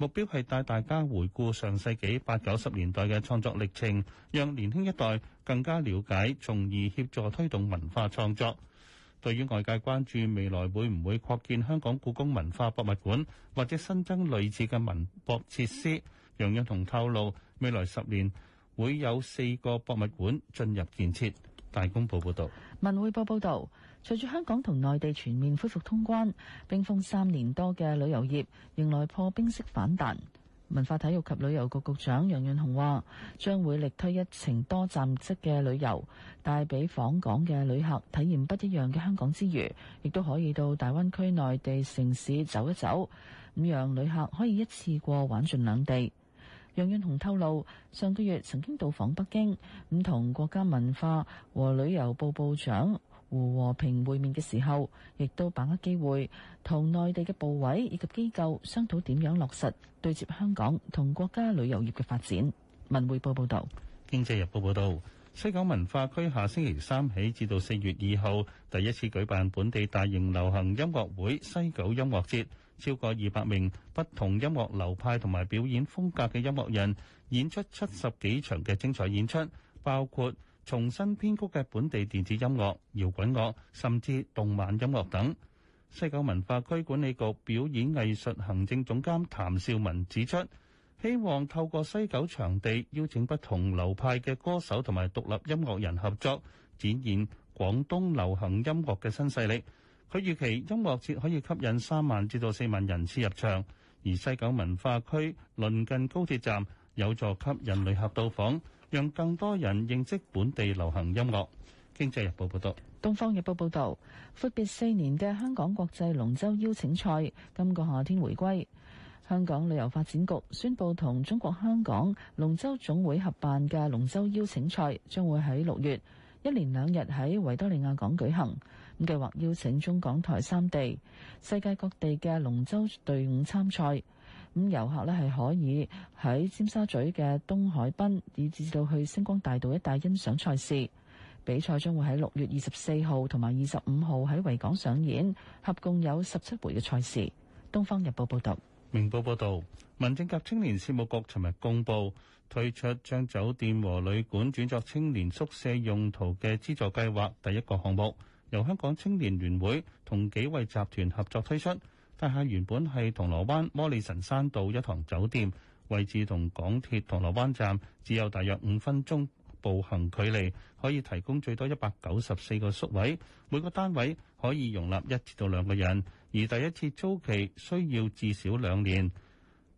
目標係帶大家回顧上世紀八九十年代嘅創作歷程，讓年輕一代更加了解，從而協助推動文化創作。對於外界關注未來會唔會擴建香港故宮文化博物館，或者新增類似嘅文博設施，楊潤雄透露，未來十年會有四個博物館進入建設。大公報報道。文匯報報道。隨住香港同內地全面恢復通關，冰封三年多嘅旅遊業迎來破冰式反彈。文化體育及旅遊局局長楊潤雄話，將會力推一程多站式嘅旅遊，帶俾訪港嘅旅客體驗不一樣嘅香港之餘，亦都可以到大灣區內地城市走一走，咁讓旅客可以一次過玩盡兩地。楊潤雄透露，上個月曾經到訪北京，唔同國家文化和旅遊部部長。胡和平會面嘅時候，亦都把握機會同內地嘅部委以及機構商討點樣落實對接香港同國家旅遊業嘅發展。文匯報報道，《經濟日報》報道，西九文化區下星期三起至到四月二號，第一次舉辦本地大型流行音樂會——西九音樂節，超過二百名不同音樂流派同埋表演風格嘅音樂人演出七十幾場嘅精彩演出，包括。重新編曲嘅本地電子音樂、搖滾樂甚至動漫音樂等，西九文化區管理局表演藝術行政總監譚兆文指出，希望透過西九場地邀請不同流派嘅歌手同埋獨立音樂人合作，展現廣東流行音樂嘅新勢力。佢預期音樂節可以吸引三萬至到四萬人次入場，而西九文化區鄰近高鐵站，有助吸引旅客到訪。讓更多人認識本地流行音樂。經濟日報報道。東方日報報道，闊別四年嘅香港國際龍舟邀請賽今個夏天回歸。香港旅遊發展局宣布，同中國香港龍舟總會合辦嘅龍舟邀請賽將會喺六月一連兩日喺維多利亞港舉行。咁計劃邀請中港台三地、世界各地嘅龍舟隊伍參賽。咁遊客咧係可以喺尖沙咀嘅東海濱，以至到去星光大道一帶欣賞賽事。比賽將會喺六月二十四號同埋二十五號喺維港上演，合共有十七回嘅賽事。《東方日報》報道。《明報》報道，民政及青年事務局尋日公布推出將酒店和旅館轉作青年宿舍用途嘅資助計劃，第一個項目由香港青年聯會同幾位集團合作推出。大廈原本係銅鑼灣摩利臣山道一堂酒店，位置同港鐵銅鑼灣站只有大約五分鐘步行距離，可以提供最多一百九十四個宿位，每個單位可以容納一至到兩個人，而第一次租期需要至少兩年。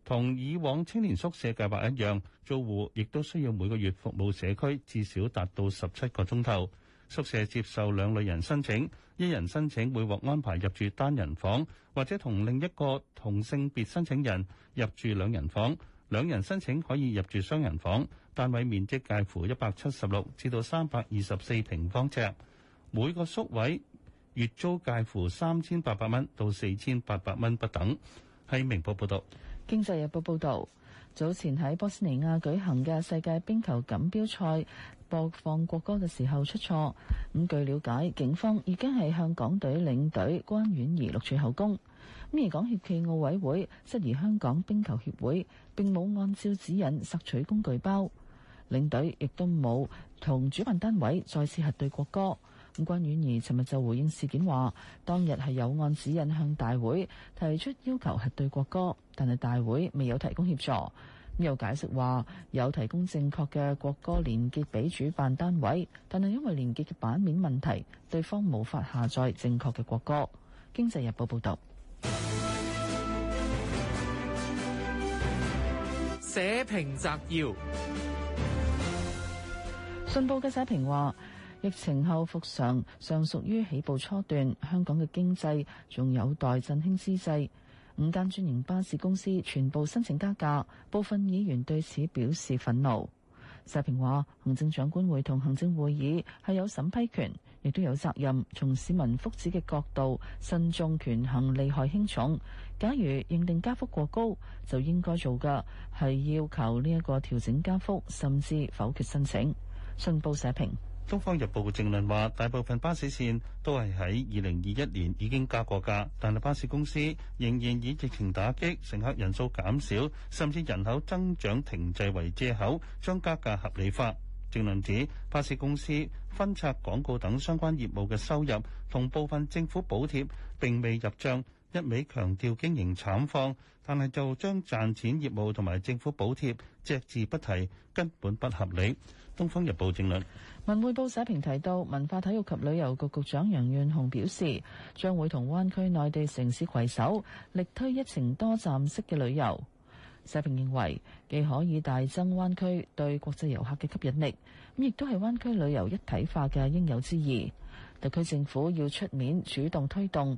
同以往青年宿舍計劃一樣，租戶亦都需要每個月服務社區至少達到十七個鐘頭。宿舍接受兩類人申請，一人申請會獲安排入住單人房，或者同另一個同性別申請人入住兩人房。兩人申請可以入住雙人房，單位面積介乎一百七十六至到三百二十四平方尺，每個宿位月租介乎三千八百蚊到四千八百蚊不等。喺明報報道，經濟日報報道早前喺波斯尼亞舉行嘅世界冰球錦標賽。播放國歌嘅時候出錯。咁據了解，警方已經係向港隊領隊關婉兒錄取口供。咁而港協暨奧委會質疑香港冰球協會並冇按照指引索取工具包，領隊亦都冇同主辦單位再次核對國歌。咁關婉兒尋日就回應事件話當日係有按指引向大會提出要求核對國歌，但係大會未有提供協助。又解釋話，有提供正確嘅國歌連結俾主辦單位，但係因為連結嘅版面問題，對方無法下載正確嘅國歌。經濟日報報道：社評報寫評摘要。信報嘅寫評話，疫情後復常尚屬於起步初段，香港嘅經濟仲有待振興之際。五間專營巴士公司全部申請加價，部分議員對此表示憤怒。社評話，行政長官會同行政會議係有審批權，亦都有責任，從市民福祉嘅角度慎重權衡利害輕重。假如認定加幅過高，就應該做㗎係要求呢一個調整加幅，甚至否決申請。信報社評。《東方日報》嘅正論話：大部分巴士線都係喺二零二一年已經加過價，但係巴士公司仍然以疫情打擊、乘客人數減少，甚至人口增長停滯為借口，將加價合理化。正論指巴士公司分拆廣告等相關業務嘅收入，同部分政府補貼並未入帳。一味強調經營慘況，但係就將賺錢業務同埋政府補貼隻字不提，根本不合理。《東方日報》正論。文匯報社評提到，文化體育及旅遊局局長楊潤雄表示，將會同灣區內地城市攜手，力推一程多站式嘅旅遊。社評認為，既可以大增灣區對國際遊客嘅吸引力，咁亦都係灣區旅遊一體化嘅應有之義。特區政府要出面主動推動。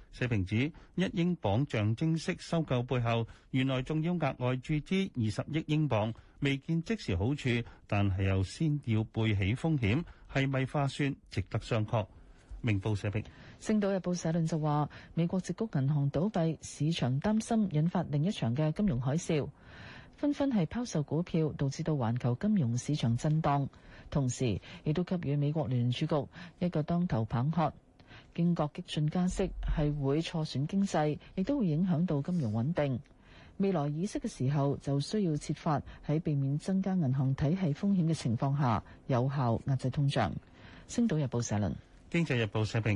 社評指一英鎊象徵式收購背後，原來仲要額外注資二十億英鎊，未見即時好處，但係又先要背起風險，係咪花算值得商榷。明報社評，《星島日報》社論就話，美國硅谷銀行倒閉，市場擔心引發另一場嘅金融海嘯，紛紛係拋售股票，導致到環球金融市場震盪，同時亦都給予美國聯儲局一個當頭棒喝。經過激進加息係會錯損經濟，亦都會影響到金融穩定。未來議息嘅時候，就需要設法喺避免增加銀行體系風險嘅情況下，有效壓制通脹。《星島日報社論》，《經濟日報社評》：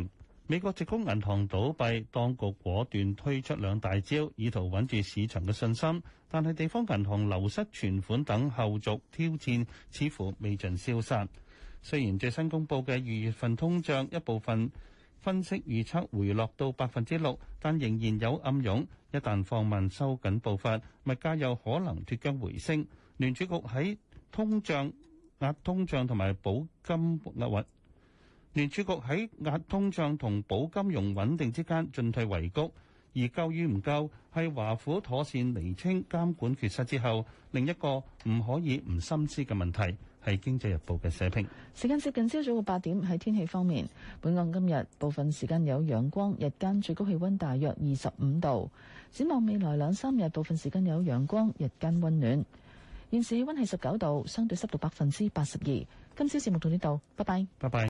美國矽谷銀行倒閉，當局果斷推出兩大招，以圖穩住市場嘅信心。但係地方銀行流失存款等後續挑戰似乎未盡消散。雖然最新公佈嘅二月份通脹一部分。分析預測回落到百分之六，但仍然有暗湧。一旦放慢收緊步伐，物價又可能脱韁回升。聯儲局喺通脹壓通脹同埋保金壓穩。聯儲局喺壓通脹同保金融穩定之間進退維谷，而夠與唔夠，係華府妥善釐清監管缺失之後，另一個唔可以唔深思嘅問題。係《經濟日報》嘅社評。時間接近朝早嘅八點，喺天氣方面，本港今日部分時間有陽光，日間最高氣温大約二十五度。展望未來兩三日，部分時間有陽光，日間温暖。現時氣温係十九度，相對濕度百分之八十二。今朝節目到呢度，拜拜。拜拜。